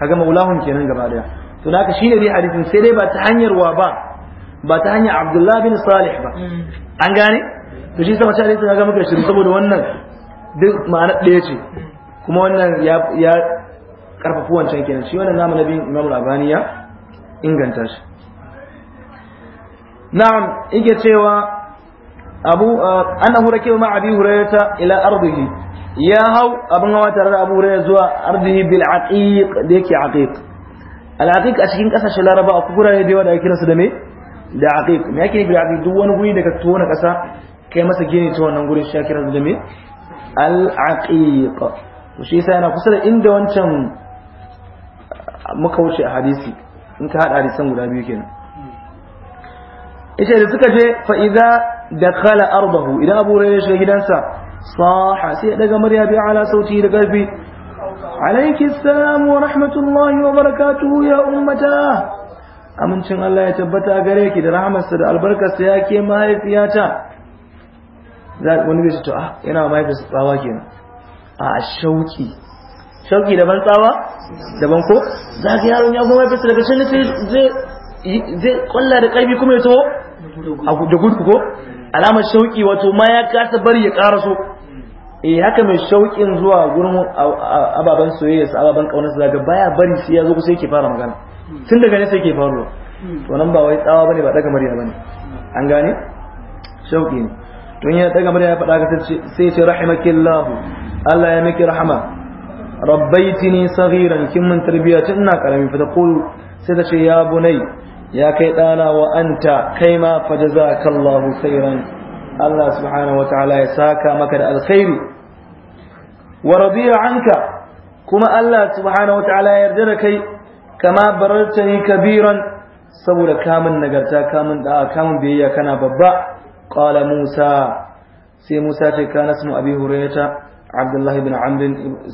kaga maulahun kenan gaba daya to da haka shine dai hadisin sai dai ba ta hanyar wa ba ba ta hanyar abdullahi bin salih ba an gane to shi sama shi hadisin kaga muka shi saboda wannan duk ma'ana ɗaya ce kuma wannan ya ya karfafu wancan kenan shi wannan namu nabi imam al-albani inganta shi na'am yake cewa abu uh, annahu rakiba ma abi hurairata ila ardihi ya hau abin hawa tare da abu hurairah zuwa ardihi bil aqiq da yake aqiq al aqiq a cikin kasashen laraba a gurare da da ake kiransu da me da aqiq me yake bil aqiq duk wani guri da ka tona kasa kai masa gini ta wannan guri shi kiransu da me al aqiq to shi yasa yana kusa da inda wancan uh, muka wuce a hadisi in ka hada hadisan guda biyu kenan ishe da suka je fa idza dakhala ardahu idan abu hurairah shiga gidansa saha sai ya daga murya bi ala sauti da karfi alayki salamu wa rahmatullahi wa barakatuhu ya ummata amincin Allah ya tabbata gare ki da rahmarsa da albarkarsa ya ke mahaifiyata wani bai to ah yana mahaifinsa tsawa kenan a shauki shauki daban tsawa daban ko za ka yaron ya goma fesa daga shi zai kwalla da ƙarfi kuma ya to da gudu ko alamar shauki wato ma ya kasa bari ya so? eh haka mai shauƙin zuwa gurin ababen soyayya su ababen kaunar su daga baya bari sai ya zo sai ke fara magana tun daga ne sai ke faru to nan ba wai tsawa bane ba daga murya bane an gane shauƙi ne to in ya daga murya ya faɗa ka sai ce rahimakillahu Allah ya miki rahama rabbaitini saghiran kin mun tarbiyya ina karami fa qulu sai ta ce ya bunai ya kai ɗana wa anta kai ma fa jazakallahu khairan Allah subhanahu wataala ya saka maka da alkhairi wa radiya anka kuma Allah subhanahu wataala ya yarda da kai kama ni kabiran saboda kamun nagarta kamun da'a kamun biyayya kana babba qala Musa sai Musa ce kana ismu Abi Hurairah Abdullah ibn Amr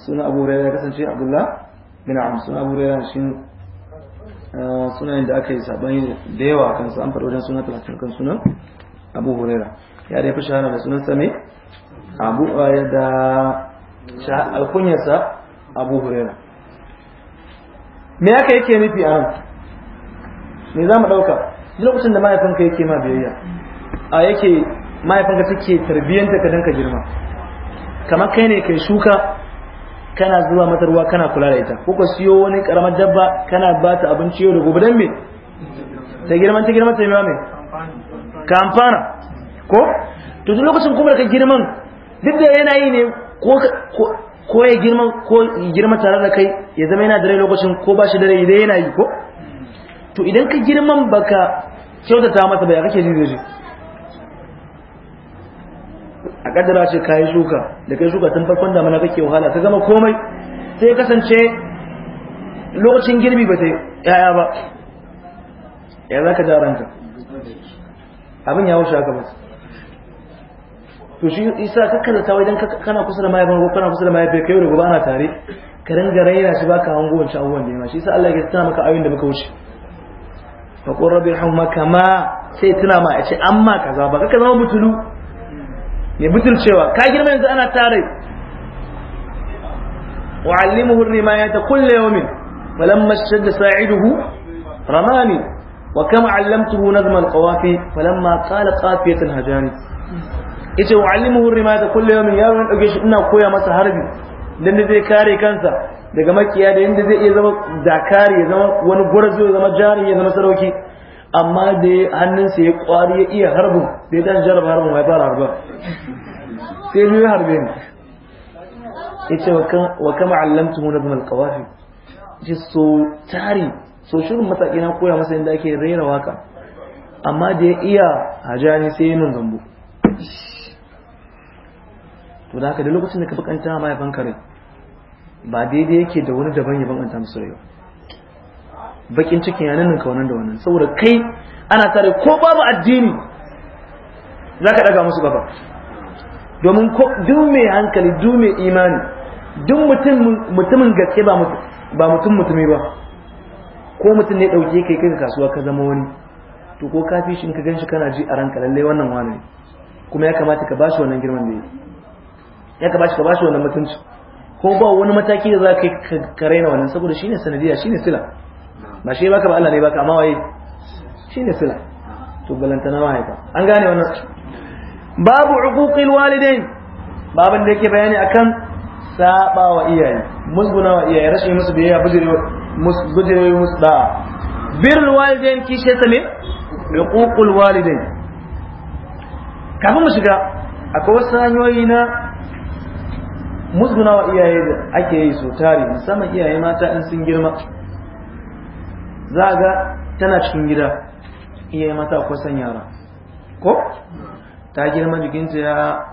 sunan Abu Hurairah kasance Abdullah bin Amr sunan Abu Hurairah shin Eh, sunayen da aka yi sabani da yawa kan su an faɗi wajen suna talatin kan sunan abu huraira ya dai fi shahara da sunan sami abu abu eh, da alkunyarsa abu huraira me aka yake nufi a nan me za mu ɗauka lokacin da mahaifinka yake ma biyayya a yake mahaifinka take tarbiyyanta ka ka girma kamar kai ne kai shuka kana zuwa mata ruwa kana kula da ita ko ka siyo wani karamar dabba kana ba ta abinci yau da gobe dan me ta girman ta girman ta yi me kamfana ko to duk lokacin kuma ka girman duk da yana yi ne ko ko ya girman ko girma tare da kai ya zama yana da rai lokacin ko ba shi da rai idan yana yi ko to idan ka girman baka kyautata masa ba ya kake ji zai a kaddara ce kayi shuka da kai shuka tun farkon damuna kake wahala ka gama komai sai kasance lokacin girbi ba sai yaya ba ya za ka jaran ka abin ya wuce haka ba to shi isa kakka da tawai don kana kusa da mahaifin ko kana kusa da mahaifin kai da gobe ana tare ka ringa raina shi baka hango wancan abubuwan da yawa shi isa Allah ya tana maka ayoyin da muka wuce fa qur rabbi rahmaka ma sai tuna ma ya ce amma kaza ba kaka zama mutulu ya cewa ka girma yanzu ana tare wa allimuhu ta kullu yawmin falamma shadda sa'iduhu ramani wa kama allamtuhu nazma alqawafi falamma qala qafiyatan hajani yace wa allimuhu ta kullu yawmin ran dauke shi ina koya masa harbi dan da zai kare kansa daga makiya da yanda zai iya zama dakari ya zama wani gurazo ya zama jari ya zama sarauki amma da hannunsa ya kwari ya iya harbin da ya tashi jarraba harbin wai fara harba sai biyu harbe ne ya ce wa kama allamtu huna bin alkawafi ce so tari so shirin mataki na koya masa yadda ake raira waka amma da ya iya ne sai yi min to da haka da lokacin da ka bakanta mahaifanka rai ba daidai yake da wani daban ya bakanta musu rai ba bakin cikin yanar nan kawanan da wannan saboda kai ana tare ko babu addini za ka daga musu gaba domin duk mai hankali duk mai imani duk mutumin gaske ba mutum mutumi ba ko mutum ne ɗauke kai kai kasuwa ka zama wani to ko fi shi ka ganshi kana ji a ranka lallai wannan wani kuma ya kamata ka bashi wannan girman da ya kamata ka bashi wannan mutunci ko ba wani mataki da za ka yi ka raina wannan saboda shine sanadiya shine sila ba shi baka ba Allah ne baka amma waye shine sila to balantana mahaifa an gane wannan babu uquqil walidain baban da yake bayani akan saba wa iyaye musguna wa iyaye rashin musu biyayya bujire musu da birrul walidain ki ta me uququl walidain kafin mu shiga akwai wasu hanyoyi na musguna wa iyaye da ake yi so tare musamman iyaye mata in sun girma za a ga tana cikin gida iya yi mata akwai yara ko ta girma jikinta ya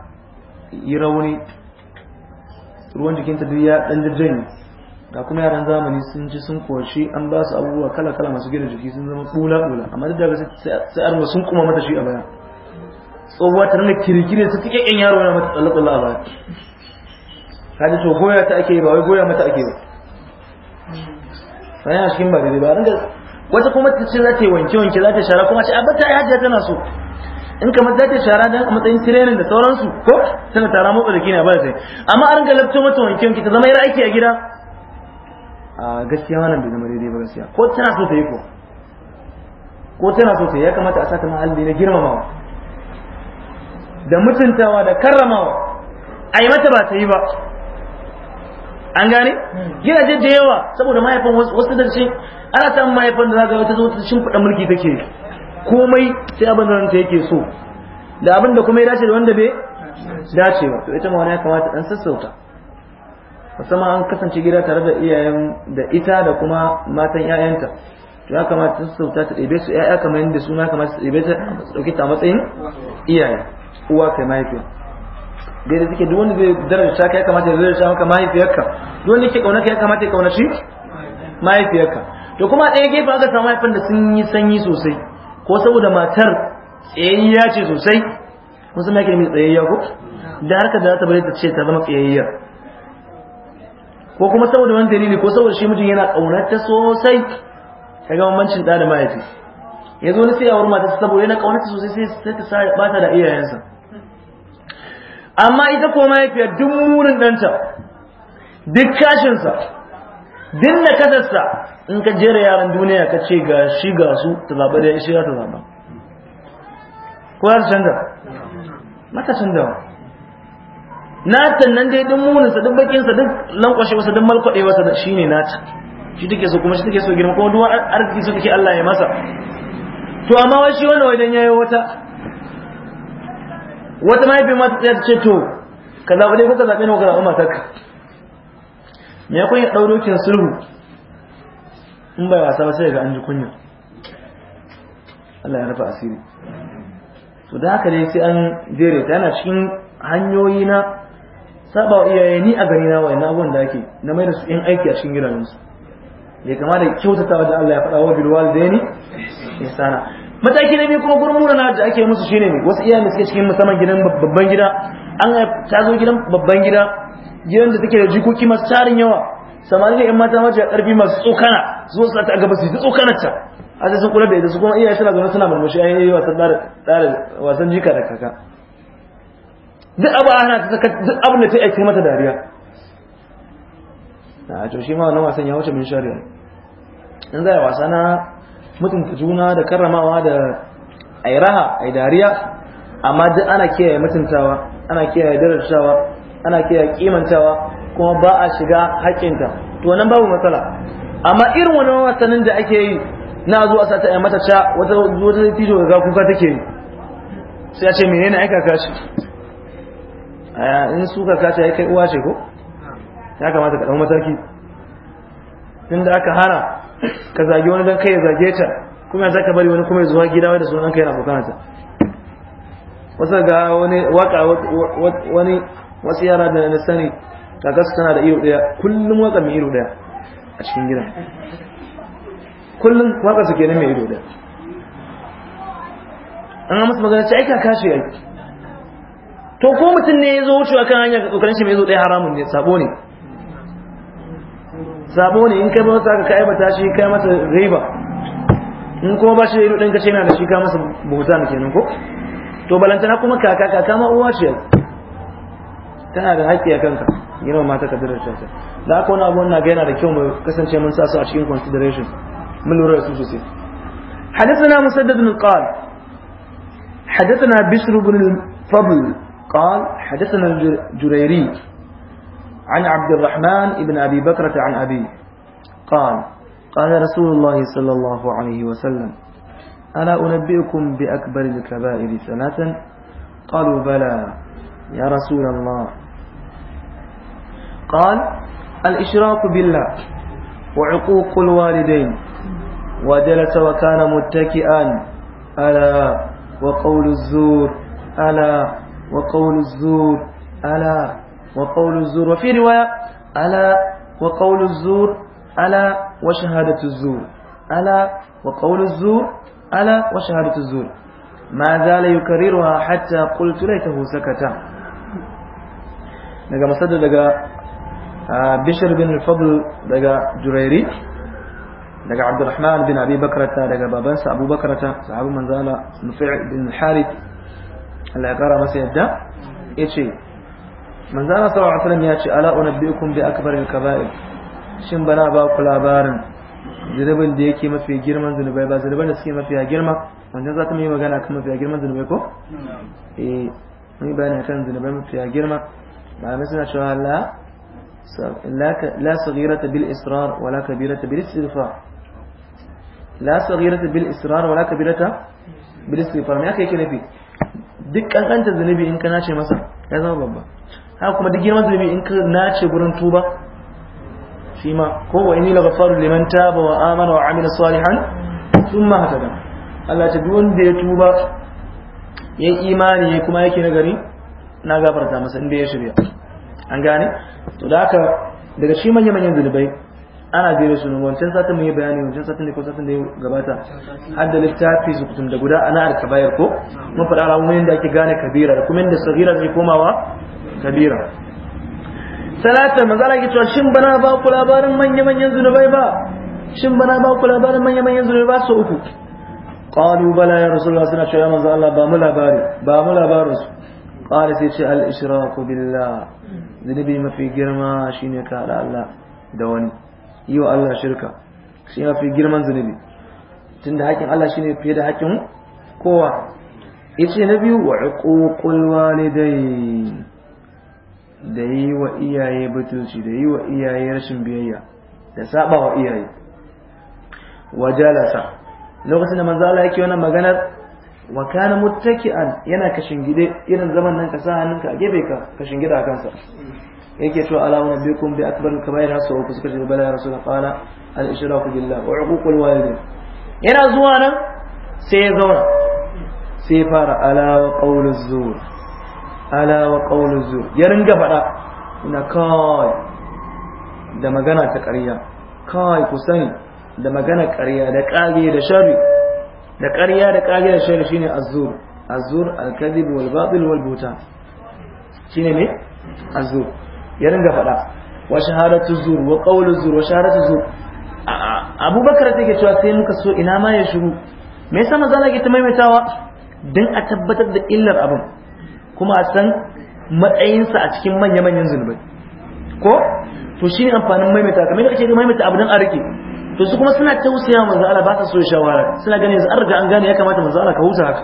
yi rauni ruwan jikinta duk ya ɗan jirgin ga kuma yaran zamani sun ci sun koshi an ba su abubuwa kala-kala masu gina jiki sun zama ɓula-ɓula amma duk daga sai arba sun kuma mata shi a baya tsohuwa ta nuna kirikiri su ta kyakkyan yaro na mata tsalle-tsalle a baya kaji to goya ta ake ba wai goya mata ake ba Sai a cikin ba daidai ba ringa wata kuma ta ce za ta yi wanke wanke za ta shara kuma ce abin ya yi hajjiya tana so in kamar za ta shara dan a matsayin tirenin da sauransu ko tana tara motsa da kina ba sai amma an ga lafto mata wanke wanke ta zama yar aiki a gida a gaskiya wannan bai zama daidai ba gaskiya ko tana so ta yi ko ko tana so ta yi ya kamata a sata mahalli na girmamawa da mutuntawa da karramawa a yi mata ba ta yi ba an gane gidaje da yawa saboda mahaifan wasu da shi ana samun mahaifan da za ga wata zo ta shimfiɗa mulki take komai sai abin da ranta yake so da abin da kuma ya dace da wanda bai dace ba to ita ma wani ya kamata dan sassauta musamman an kasance gida tare da iyayen da ita da kuma matan 'ya'yanta to ya kamata ta ta ɗebe su 'ya'ya kamar yadda suna kamata su ɗebe ta ɗauke ta matsayin iyaye uwa kai mahaifin. gaida suke duk wanda zai daraja ka ya kamata ya daraja maka mahaifiyarka duk wanda yake kaunarka ya kamata ya kaunaci mahaifiyarka to kuma a ɗaya gefen aka samu mahaifin da sun yi sanyi sosai ko saboda matar tsayayya ce sosai kun san yake mai tsayayya ko da harka da za ta bari ta ce ta zama tsayayya ko kuma saboda wani dalili ko saboda shi mutum yana kaunarta sosai kaga bambancin da da mahaifi yanzu wani sai ya wurin matarsa saboda yana kaunarta sosai sai ta sa bata da iyayensa amma ita ko fiye duk murin ɗanta duk kashinsa duk na kasarsa in ka jera yaran duniya ka ce ga shi ga su ta zaɓa da shi za ta zaɓa ko ya canza mata na nata nan dai duk sa duk sa duk lankwashe wasa duk malkwaɗe wasa shi ne nata shi take so kuma shi take so girma kuma duk arziki su take Allah ya masa to amma wai shi wannan wai dan yayi wata wata mahaifi ma ta ce to ka zaɓi dai kuka zaɓi ne kuka zaɓi matarka me kun ya ɗau dokin sulhu in bai wasa ba sai ga an ji kunya Allah ya rufe asiri to da haka ne sai an jere ta yana cikin hanyoyi na saba iyaye ni a gani na wayan abubuwan da ake na mai da su yan aiki a cikin gidansu ya kama da kyautatawa da Allah ya faɗa wa bilwal da ya ne ya sana mataki na biyu kuma gurmuna na da ake musu shine ne wasu iyayen suke cikin musamman gidan babban gida an ta zo gidan babban gida gidan da suke da jikoki masu tarin yawa samari da yan mata mace karfi masu tsokana zuwa su ta ga basu yi tsokanar ta a sai sun kula da ita su kuma iyaye suna zaune suna murmushi ayi yi wasan tsare wasan jika da kaka duk abu ana ta saka duk abin da ta yi mata dariya na to shi ma wannan wasan ya wuce min shari'a in za a wasa na mutunta juna da karramawa da ai raha ai dariya amma duk ana kiyaye mutuntawa ana kiyaye darajawa ana kiyaye kimantawa kuma ba a shiga haƙƙinta to nan babu matsala amma irin wani wasannin da ake yi na zuwa sa ta mata ca wata wata tijo ga kuka take yi sai a ce menene aika kashi in suka kashi ai kai uwa ce ko ya kamata ka dau mataki tunda aka hana ka zagi wani dan kai ya zage ta kuma ya zaka bari wani kuma ya zuwa gida wanda sunan kai yana bukata wasu ga wani waka wani wasu yara da na sani kaga su tana da iro daya kullum waka mai iro daya a cikin gida kullum waka su kenan mai iro daya an masu magana ce aika kashi aiki to ko mutum ne ya zo wucewa kan hanyar kokarin shi mai zo daya haramun ne sabo ne sabo ne in kai masa ka kai bata shi kai masa riba in kuma ba shi din ka ce yana da shi ka masa bauta ne kenan ko to balantana kuma kaka kaka ma uwa ce tana da haƙƙi a kanka girma mata ka dira ta da haka wani abu wannan ga yana da kyau mu kasance mun sa su a cikin consideration mun lura da su sosai حدثنا مسدد قال حدثنا بشر بن الفضل قال حدثنا الجريري عن عبد الرحمن بن أبي بكرة عن أبيه قال قال رسول الله صلى الله عليه وسلم ألا أنبئكم بأكبر الكبائر ثلاثا قالوا بلى يا رسول الله قال الإشراك بالله وعقوق الوالدين وجلس وكان متكئا ألا وقول الزور ألا وقول الزور ألا وقول الزور وفي رواية ألا وقول الزور ألا وشهادة الزور ألا وقول الزور ألا وشهادة الزور ما زال يكررها حتى قلت ليته سكت نجا مسد دجا آه، بشر بن الفضل دجا جريري دجا عبد الرحمن بن أبي بكرة دجا بابنس أبو بكرة صحابه من زال نفع بن الحارث الله يقرأ مسيح ده manzana sallallahu alaihi wasallam ya ce ala unabbiukum bi akbaril kaba'ir shin bana ba ku labarin zunubin da yake mafi girman zunubai ba zunuban da suke mafiya girma wanda za ta yi magana kan mafiya girman zunubai ko eh mun bayani kan zunubai mafiya girma malamai suna cewa la la saghirata bil israr wala kabirata bil istighfar la saghirata bil israr wala kabirata bil istighfar me yake nufi duk kankanta zunubi in kana ce masa ya zama babba haka kuma duk girman zunubi in ka nace gurin tuba shi ma ko wa inni laghfaru liman taba wa amana wa amila salihan thumma da Allah ta duk wanda ya tuba ya imani ya kuma yake nagari na gafarta masa inda ya shirya an gane to da haka daga shi manyan manyan zunubai ana jere su ne wancan satin mun yi bayani wancan satin da ko satin da ya gabata har da littafi su kutum da guda ana alkabayar ko mun faɗa alamomin da ake gane kabira da kuma inda sagira zai komawa kabira salata manzala yake cewa shin bana ba ku labarin manya-manyan zunubai ba shin bana ba ku labarin manya-manyan zunubai ba su uku qalu bala ya rasulullah suna cewa ya manzo Allah ba mu labari ba mu labarin su qala sai ce al ishraku billah zunubi mafi girma shine ka da Allah da wani yi wa Allah shirka shi mafi girman zunubi tunda hakin Allah shine fiye da hakin kowa yace na biyu wa uququl walidain da yi wa iyaye butulci da yi wa iyaye rashin biyayya da saba wa iyaye wa jalasa lokacin da manzo Allah yake wannan maganar wa kana muttaki'an yana kashin gide irin zaman nan ka sa hannunka a gefe ka kashin gida kansa yake to ala wa bi akbar al kabair hasu wa suka ce bala rasul qala al ishraku billah wa uququl walidain yana zuwa nan sai ya zauna sai fara ala wa qawlu ala wa qawlu zur ya ringa faɗa ina kai da magana ta ƙarya kai ku sani da magana ƙarya da ƙage da sharri da ƙarya da ƙage da sharri shine azzur azzur al-kadhib wal batil wal butan shine ne azzur ya ringa faɗa wa shahadatu zur wa qawlu zur wa shahadatu zur abubakar take cewa sai muka so ina ma ya shiru me yasa maza na ke ta maimaitawa don a tabbatar da illar abin kuma a san matsayinsa a cikin manya-manyan zunubai ko to shine amfanin maimaita kamar yadda kake ga maimaita abu dan arki to su kuma suna tausaya manzo Allah ba su so shawara suna ganin yanzu an riga an gane ya kamata manzo Allah ka huta haka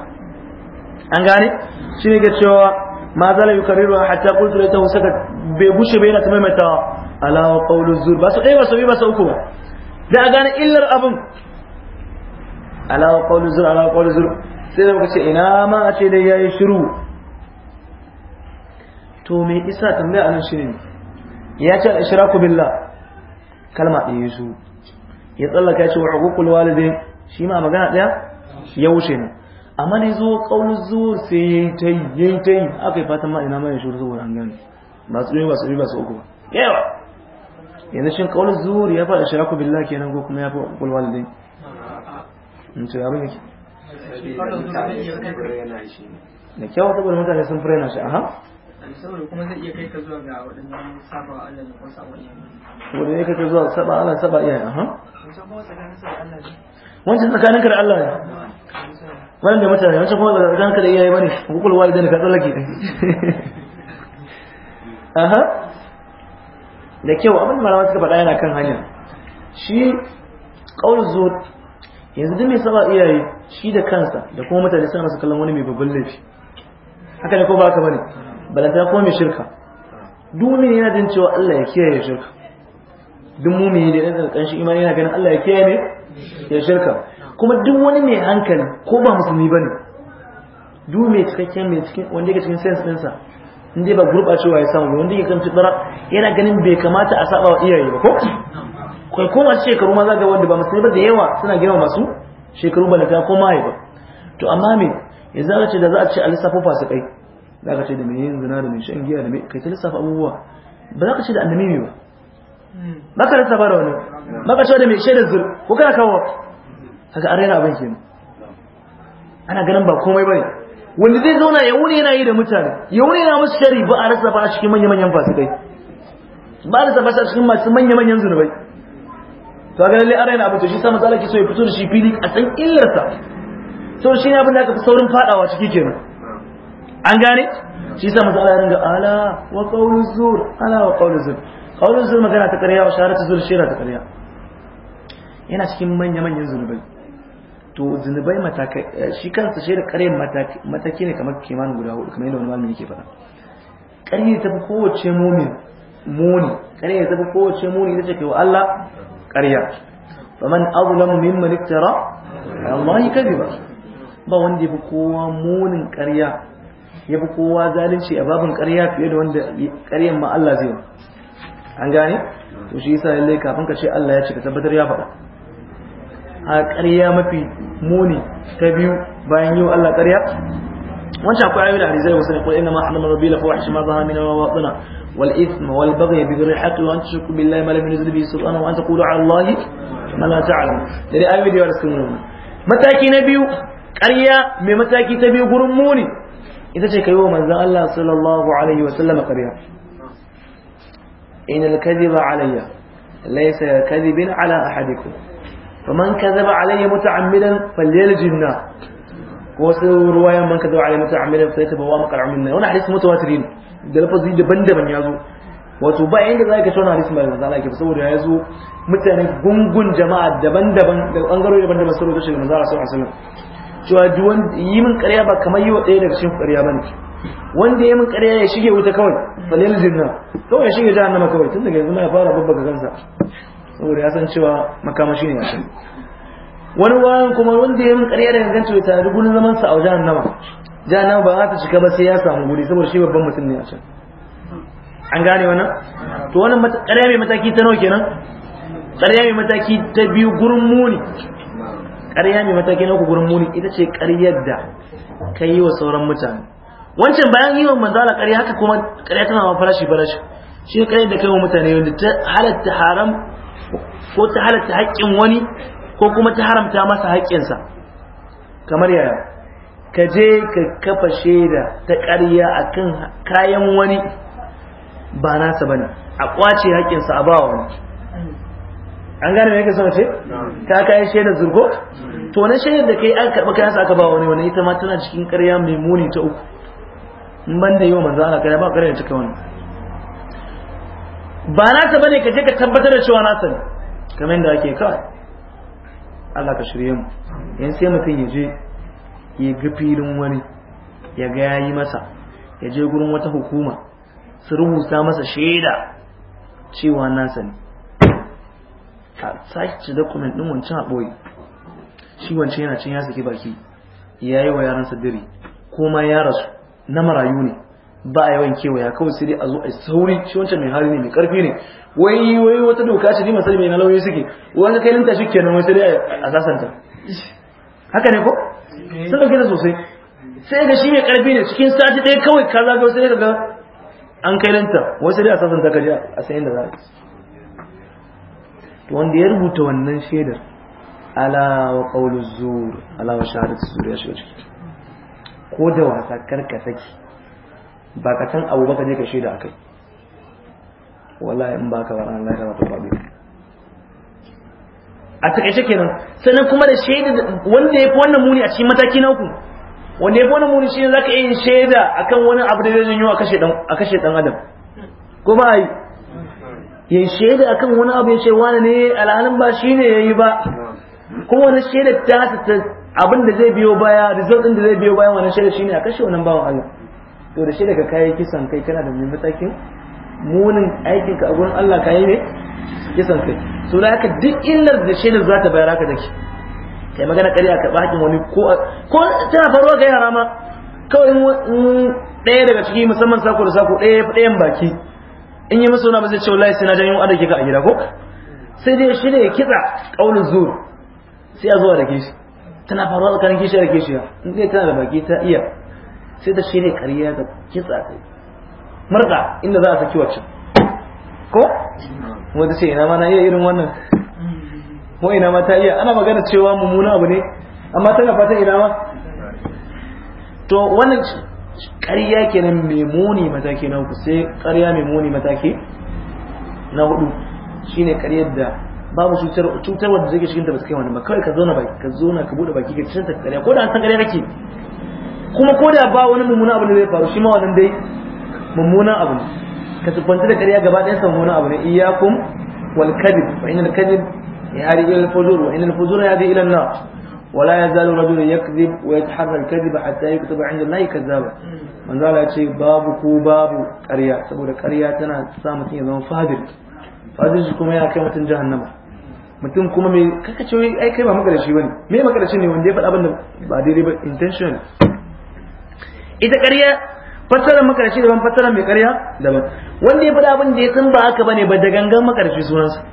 an gane shine ga cewa ma la yukarriru hatta qultu la sakat bai gushe bai na ta maimaita ala wa qawlu zur ba su dai ba su bi ba su uku ba da a gane illar abun ala wa qawlu zur ala wa qawlu zur sai da muka ce ina ma a ce dai yayi shiru to me isa tambaya anan shirin ya ce al-ishraku billah kalma ɗaya su ya tsallaka ya ce wa hukukul walidai shi ma magana ɗaya ya wuce ne amma ne zo kaulu zuwa sai yayi ta yayi ta yi aka yi fatan ma ina mai shuru saboda an gani ba su yi ba su yi ba su uku ba yawa yanzu shin kaulu zuhuri ya faɗa shiraku billahi kenan ko kuma ya faɗa hukukul walidai in to abin yake da kyau saboda mutane sun fara shi aha saboda kuma zai iya kai ka zuwa ga saba Allah saba iyaye wanda zuwa saba iyaye aha wancan tsakanin ka da Allah ne wannan da mutane wancan kuma tsakanin ka da iyaye bane hukul walidain ka tsallake aha da kyau abin da malama suka faɗa yana kan hanya shi qaul zuwa yanzu duk mai saba iyaye shi da kansa da kuma mutane suna masa kallon wani mai babban laifi haka ne ko ba ka bane balanta ko mai shirka dumin yana jin cewa Allah ya kiyaye shirka duk mumin da yana kanshin imani yana ganin Allah ya kiyaye ne ya shirka kuma duk wani mai hankali ko ba musulmi bane duk mai cikakken mai cikin wanda yake cikin sense ɗinsa inda ba cewa ya samu wanda yake kan tsara yana ganin bai kamata a saba wa iyaye ba ko kai ko masu shekaru ma za ga wanda ba musulmi ba da yawa suna girma masu shekaru balata ko mahaifa to amma me yanzu aka ce da za a ce a lissafo fasikai za ka ce da mai yin zina da mai shan giya da mai kai ta lissafa abubuwa ba za ka ce da annamimi ba ba ka lissafa da wani ba ka ce da mai shaidar zur ko kana kawo kaga an raina abin kenan ana ganin ba komai ba ne wanda zai zauna ya wuni yana yi da mutane ya wuni yana musu shari ba a lissafa a cikin manya-manyan fasikai ba a lissafa a cikin masu manya-manyan zunubai to ga lalle an raina abin to shi sa matsala ke so ya fito da shi fili a san illarsa to shi ne abin da aka fi saurin fadawa ciki kenan an gane shi sa manzo Allah ya ala wa qawlu zur ala wa qawlu zur qawlu zur magana ta ƙarya wa ta zur shira ta ƙarya yana cikin manya manyan zunubai to zunubai matakai eh, shi kansa shi da ƙarya mataki ne kamar kimanin guda hudu kamar yadda wani malami yake faɗa karya ta fi kowace mumin muni ƙarya ta fi kowace muni ita ce kai wa Allah ƙarya faman azlamu mimman iftara Allah kadhiba ba wanda ya fi kowa munin ƙarya ya fi kowa zalunci a babin ƙarya fiye da wanda ƙaryan ma Allah zai an gane to shi yasa lallai kafin ka ce Allah ya ce ka tabbatar ya faɗa a ƙarya mafi muni ta biyu bayan yau Allah ƙarya wancan akwai ayoyi da hadisai wasu ne qul ina ma harrama rabbi la fawahish ma zahara min wa batna wal ithm wal baghy bi ghayri haƙi wa an tushriku billahi ma lam yunzil bihi sultana wa an ta kudu ala allahi ma la ta'lamu dai ayoyi da yawa sun nuna mataki na biyu ƙarya mai mataki ta biyu gurin muni ita ce kai wa manzon Allah sallallahu alaihi wasallam ƙarya in al-kadhiba alayya laysa kadhibin ala ahadikum faman kadhaba alayya muta'ammidan falyaljin nar ko wasu ruwayan man kadhaba alayya muta'ammidan sai ta bawa maqar'amin nar wannan hadisi mutawatir ne da lafazi daban-daban ya zo wato ba inda za ka tona hadisi mai manzala ke saboda ya zo mutane gungun jama'a daban-daban da bangarori daban-daban sun rubuta shi manzala sallallahu alaihi wasallam cewa yi min ƙarya ba kamar yi wa ɗaya daga cikin ƙarya ba ne wanda ya min ƙarya ya shige wuta kawai falil jinna kawai ya shige nama kawai tun daga yanzu ma ya fara ga kansa saboda ya san cewa makamashi ne a wani wani kuma wanda ya min ƙarya da gangan cewa tare gurin zaman sa a jihar nama ba za ta cika ba sai ya samu guri saboda shi babban mutum ne a can an gane wannan to wannan ƙarya mai mataki ta nawa kenan ƙarya mai mataki ta biyu gurin muni ƙarya mai mataki na uku gurin muni ita ce ƙaryar da ka yi wa sauran mutane wancan bayan yi wa manzala ƙarya haka kuma ƙarya tana ma farashi farashi shi ne ƙaryar da ka wa mutane wanda ta halatta haram ko ta halatta haƙƙin wani ko kuma ta haramta masa haƙƙinsa kamar yaya ka je ka kafa shaida ta ƙarya akan kayan wani ba nasa bane a ƙwace haƙƙinsa a bawa wani an gane me kasa son ce ka kayan shaida zurgo to wani shaidar da kai an karɓi kayan sa aka ba wani wani ita ma tana cikin ƙarya mai muni ta uku in ban da yi wa manzo Allah karya ba ƙarya ta kai wani ba nasa bane ka je ka tabbatar da cewa nasa ne kamar yadda ake kawai Allah ka shirye mu yan sai mutum ya je ya ga filin wani ya ga yayi masa ya je gurin wata hukuma su rubuta masa shaida cewa nasa ne ta sace dokumen din wancan a ɓoye. shi wancan yana cin ya saki baki ya yi wa yaran sadiri ko ma ya rasu na marayu ne ba a yawan kewaya kawai sai dai a zo a sauri shi wancan mai hali ne mai karfi ne wai wai wata doka ce ne masali mai n'alawai suke wanda kai linta shi kenan wai sai dai a sasanta haka ne ko sun dauke da sosai sai ga shi mai karfi ne cikin sati ɗaya kawai ka zaga sai ga an kai linta wai sai dai a sasanta ka a sayin da za a to wanda ya rubuta wannan shaidar ala wa qawlu zur ala wa ya shiga ko da wasa karka saki ba ka can abu ba ka je ka shaida akai wala in ka ba Allah ya wata babu a takaice kenan sannan kuma da shaida wanda ya fi wannan muni a cikin mataki na uku wanda ya fi wannan muni shi ne ka iya yi shaida akan wani abu da zai janyo a kashe dan adam ko ba yi ya shaida akan wani abu ya ce wani ne alhalin ba shi ne ya yi ba kuma wani shaida ta hata abin da zai biyo baya result din da zai biyo baya wani shaida shi ne a kashe wannan bawan Allah to da shaida ka kayi kisan kai kana da mai matakin munin aikin ka a gurin Allah kayi ne kisan kai so da haka duk illar da shaida za ta bayar haka take kai magana kare a karɓa hakin wani ko ko tana faruwa ga yara ma kawai ɗaya daga ciki musamman sako da sako ɗaya ɗayan baki in yi masu wani ba ce wallahi sai na janyo an dake ka a gida ko sai dai shi ne ya kitsa ƙaunin zuwa sai ya zuwa da kishi tana faruwa tsakanin kishi da kishi in dai tana da baki ta iya sai ta shi ne ƙarya da kitsa ta murɗa inda za a saki wacce ko wanda ce ina ma na iya irin wannan ko ina ma ta iya ana magana cewa mummuna abu ne amma tana fatan ina ma to wannan ƙarya kenan mai muni mataki na uku sai ƙarya mai muni mataki na hudu shine ƙaryar da babu cutar cutar wanda zai cikin ta ba kai wani ba kawai ka zauna baki ka zauna ka bude baki ka ta ƙarya ko da an san ƙarya kake kuma ko da ba wani mummuna abu da zai faru shi ma wannan dai mummuna abu ne ka siffanta da ƙarya gaba ɗayan sa mummuna abu ne iyakum wal kadhib fa innal ya yahdi ila al fujur wa innal fujura ya ila an-nar ولا يزال رجل يكذب ويتحرى الكذب حتى يكتب عند الله كذابا من قال يتشي باب كو باب قرية سبو قرية تنا سامتين يزمان فادر فادر كما يا كما جهنم mutum kuma mai kaka ce ai kai ba makarashi bane me makarashi ne wanda ya faɗa abin da ba daidai ba intention ita ƙarya fassarar makarashi daban fassarar mai ƙarya daban wanda ya faɗa da ya san ba haka ba da gangan makarashi sunansa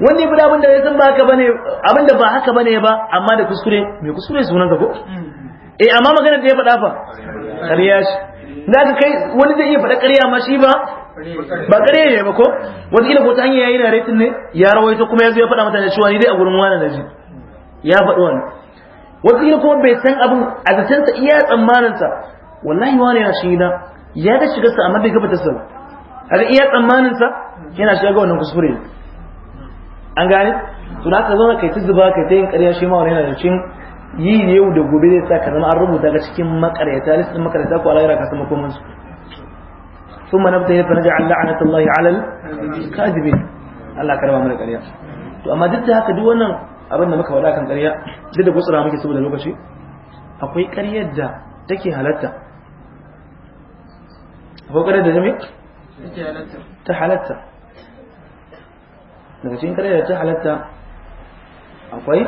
wani yafi abin da ya san ba haka bane abin da ba haka bane ba amma da kuskure mai kuskure sunan ka ko mm. eh amma magana da ya faɗa fa ƙarya shi da ka kai wani zai iya faɗa ƙarya ma shi ba ba ƙarya ne ba ko wataƙila ko ta hanyar yayi na retin ne ya rawaito kuma ya zo ya faɗa mata da cewa ni dai a gurin wani na ya faɗi wani wataƙila kuma bai san abin a sa iya tsammaninsa wallahi wani yana shi na ya ga shigarsa amma bai gaba ta sa a ga iya tsammaninsa yana shiga ga wannan kuskure an gane to da ka zauna kai ta zuba kai ta yin ƙarya shi ma wani yana da cikin yi ne yau da gobe zai sa ka zama an rubuta ga cikin makaryata listin makaryata ko alayyar ka sama kuma su ثم نبتهل فنجعل لعنة الله على الكاذبين Allah karba mana ƙarya to amma duk da haka duk wannan abin da muka faɗa kan ƙarya duk da gutsura muke saboda lokaci akwai ƙaryar da take halatta akwai ƙaryar da jami'a ta halatta daga cikin ƙarya da ta halatta akwai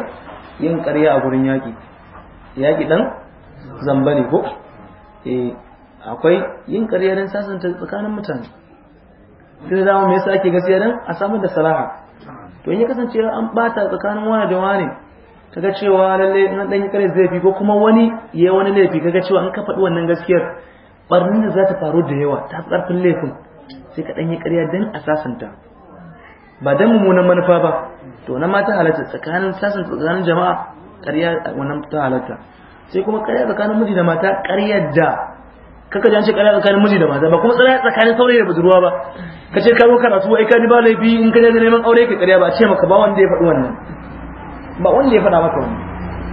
yin ƙarya a gurin yaƙi yaƙi ɗan zamba ne ko eh, akwai yin ƙarya don sasanta tsakanin mutane sai da dama mai yasa ake gaskiya don a samar da salaha to in ya kasance an bata tsakanin wani da wani kaga cewa lalle in an ɗanyi ƙarya zai fi ko kuma wani ya yi wani laifi kaga cewa an ka faɗi wannan gaskiyar ɓarnin da za ta faru da yawa ta fi ƙarfin laifin sai ka ɗanyi ƙarya don a sasanta ba dan mummunan manufa ba to na mata halatta tsakanin sasin tsakanin jama'a ƙarya wannan ta halatta sai kuma ƙarya tsakanin miji da mata ƙarya da kaka ji an ce ƙarya tsakanin miji da mata ba kuma tsaraya tsakanin saurayi da budurwa ba ka ce ka zo karatu ai ka ji ba laifi in ka je neman aure ka ƙarya ba ce maka ba wanda ya faɗi wannan ba wanda ya faɗa maka wannan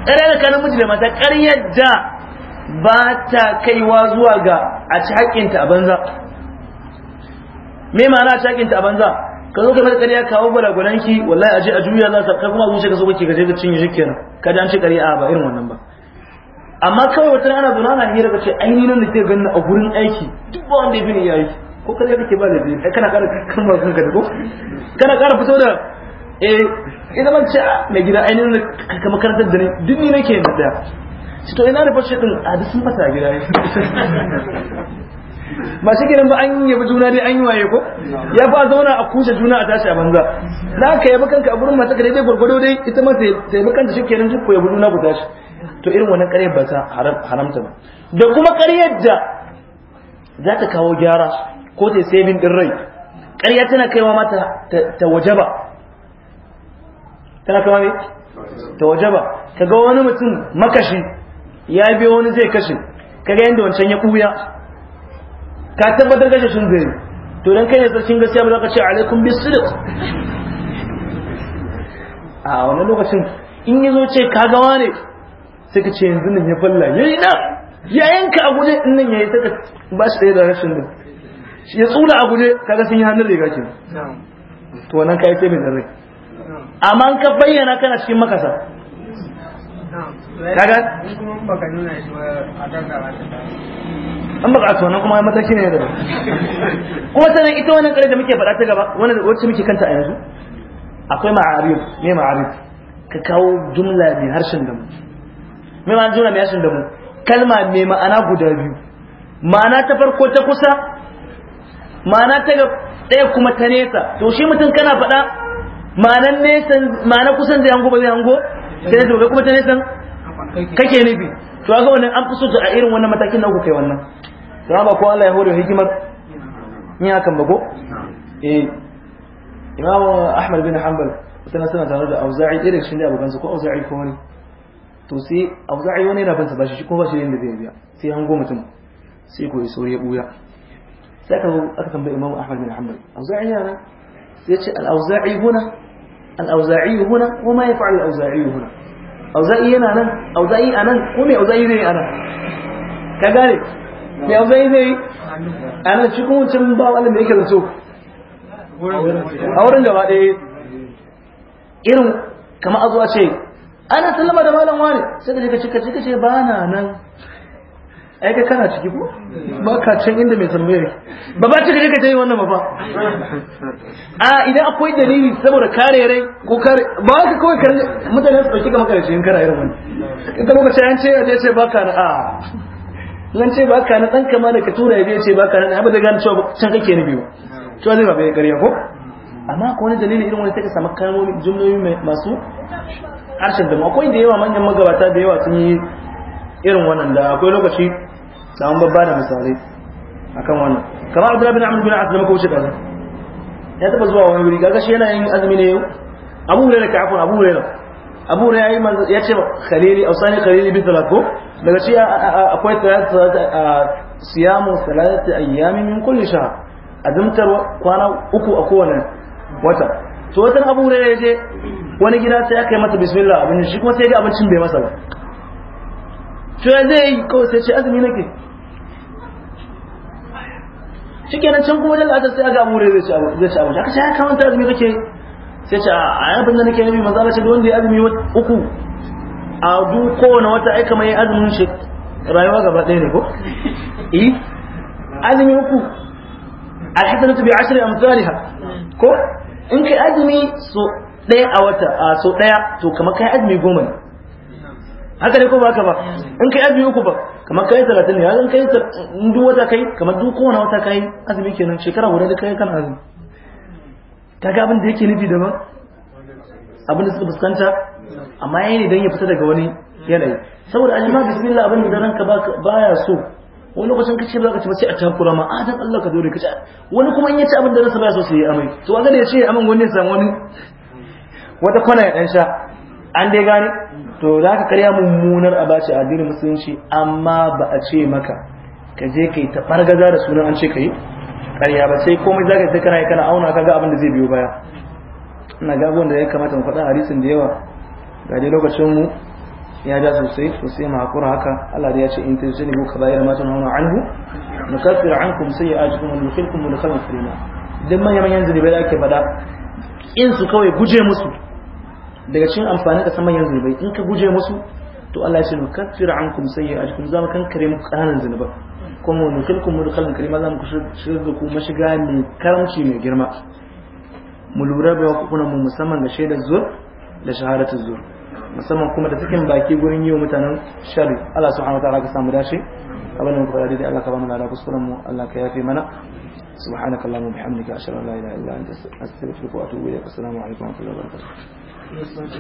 ƙarya tsakanin miji da mata ƙarya da ba ta kaiwa zuwa ga a ci haƙƙinta a banza me ma'ana a ci haƙƙinta a banza ka zo ka maka kariya kawo gwalagwalan ki wallahi aje a juya za ka kuma zuciya ka so kake gaje ka cinye shi kenan ka dan ci ƙarya ba irin wannan ba amma kawai wata ana zo ana hira kace ainihin nan da ke ganin a gurin aiki duk ba wanda ya fi ni ya yi ko kare kake ba da biyu kana ƙara kalmar kanka ka dago kana ƙara fito da eh idan man ce ah, mai gida ainihin ka makarantar da ni duk ni nake da ɗaya to ina da fashe din a ah, duk sun fata gida ba shi kenan ba an yabi juna dai an yi waye ko ya fa zauna a kushe juna a tashi a banza za ka yabi kanka a gurin mata ka dai gwargwado dai ita ma sai yabi kanta shikenan duk ku yabi juna ku tashi to irin wannan ƙaryar ba ta haramta ba da kuma ƙaryar da za ta kawo gyara ko ta saving din rai ƙarya tana kaiwa ma ta wajaba tana kaiwa ne ta wajaba kaga wani mutum makashi ya biyo wani zai kashe kaga yadda wancan ya ɓuya ka tabbatar kashe sun gari to dan kai ne sarkin gaskiya ba za ka ce alaikum bisidiq a wani lokacin in ya zo ce ka gawa ne sai ka ce yanzu nan ya falla yi na yanka a guje in nan yi ta ka ba shi ɗaya da rashin din ya tsula a guje ga sun yi hannun riga ke to wannan yi ce mai zarri amma an ka bayyana kana cikin makasa kaga an baka ka wannan kuma mataki ne da kuma sanan ita wannan kare da muke faɗa ta gaba wannan da wacce muke kanta a yanzu akwai ma'arif me ma'arif ka kawo jumla mai harshen da mu me ma'ana jumla mai harshen da mu kalma mai ma'ana guda biyu ma'ana ta farko ta kusa ma'ana ta ɗaya kuma ta nesa to shi mutum kana faɗa ma'anan ma'ana kusan da yango ba zai yango sai da kuma ta nesa kake nufi to ga wannan an fi so a irin wannan matakin na uku kai wannan to ba ko Allah ya hore hikimar ni hakan ba eh Imam Ahmad bin Hanbal sai suna tare da Auza'i irin shi ne abu su ko Auza'i ko wani to sai Auza'i wani yana bansa bashi ko bashi yanda zai biya sai an go mutum sai ko so ya buya sai ka aka tambaye Imam Ahmad bin Hanbal Auza'i yana sai ce al-Auza'i huna al-Auza'i huna wa ma yaf'al al-Auza'i huna auza'i yana nan auza'i a nan ko mai auza'i zai a nan ka gane me auza'i zai a nan cikin wancan ba wani da yake zato a wurin gaba ɗaya irin kama azuwa ce ana sallama da malam wani sai da ce ka ce ka ce ba na nan ai ka kana ciki ko ba ka can inda mai tambayar ba ba ta kake ka tayi wannan ba ba a idan akwai dalili saboda kare rai ko kare ba ka kawai kare mutane su dauki ga makarashi in kana irin wani ita ka ce an ce aje ce ba ka na a nan ce ba ka na dan kama da ka tura ya ce ba ka na abin da gane cewa can kake ni biyu cewa zai ba bai ƙarya ko amma ko wani dalili irin wani take samu kalmomi mai masu harshen da akwai da yawa manyan magabata da yawa sun yi irin wannan da akwai lokaci da an babba da misalai akan wannan kamar abu da amr bin as da muka wuce kaza ya taba zuwa wani wuri kaga shi yana yin azumi ne yau abu hurairah ka afun abu hurairah abu hurairah yayi manzo ya ce khalili ausani khalili bi salat ko daga shi akwai siyamu salatati ayyamin min kulli shahr azumtar kwana uku a kowane wata to watan abu hurairah ya je wani gida sai aka yi masa bismillah abin shi kuma sai ga abincin bai masa ba to ya zai yi kawai sai ce azumi nake shikenan can kuma wajen la'asar sai aga mure zai ci zai ci abinci aka ce ka wanta azumi kake sai ce a abin da nake nufi manzo Allah ce wanda ya azumi uku a duk kowane wata ai aika mai azumin shi rayuwa gaba ɗaya ne ko eh azumi uku alhasanatu bi ashri amsalha ko in kai azumi so ɗaya a wata a so ɗaya to kamar kai azumi goma ne haka ne ko ba haka ba in kai azumi uku ba kamar kai talatin ne yanzu kai in duk wata kai kamar duk kowane wata kai azumi kenan shekara guda da kai kan azumi ga abin da yake nufi daban ba abin da suka fuskanta amma yayi ne dan ya fita daga wani yanayi saboda ajima bismillah abin da ranka baya so wani lokacin ka ce ba ka ci ba sai a kura ma adan ah, Allah ka dole ka ci wani kuma in ya ci abin da ransa baya so sai ya amai to wanda ya ce amin wani ya sami wani wata kwana ya dan sha an dai gane to za ka karya mummunar a bace addinin musulunci amma ba a ce maka ka je ka yi ta gaza da sunan an ce ka yi karya ba sai komai za ka yi kana yi kana auna ka ga abin da zai biyo baya ina ga da ya kamata mu faɗa harisun da yawa ga dai lokacin mu ya ja sosai sosai ma hakura haka Allah da ya ce in ko bu ya ma tunawna anhu nukaffir ankum sayi'atukum wa nudkhilkum mudkhalan karima duk manyan manyan zulubai da ake faɗa in su kawai guje musu daga cikin amfani da saman yanzu bai in ka guje musu to Allah ya ce nukaffir ankum sayyi'atikum zamu kankare muku kananan zunuba kuma nukilkum mudkhalan karima zamu shigar da ku mashiga mai karamci mai girma mu lura ku kuna mu musamman da shaidar zur da shahadatu zur musamman kuma da cikin baki gurin yi wa mutanen shari Allah subhanahu wa ta'ala ka samu dace abin da ku faɗa daidai Allah ka ba mu lada kuskuren mu Allah ka yafe mana subhanakallahumma bihamdika ashhadu an la ilaha illa anta astaghfiruka wa atubu ilayk assalamu alaikum wa rahmatullahi wa barakatuh 你说的是。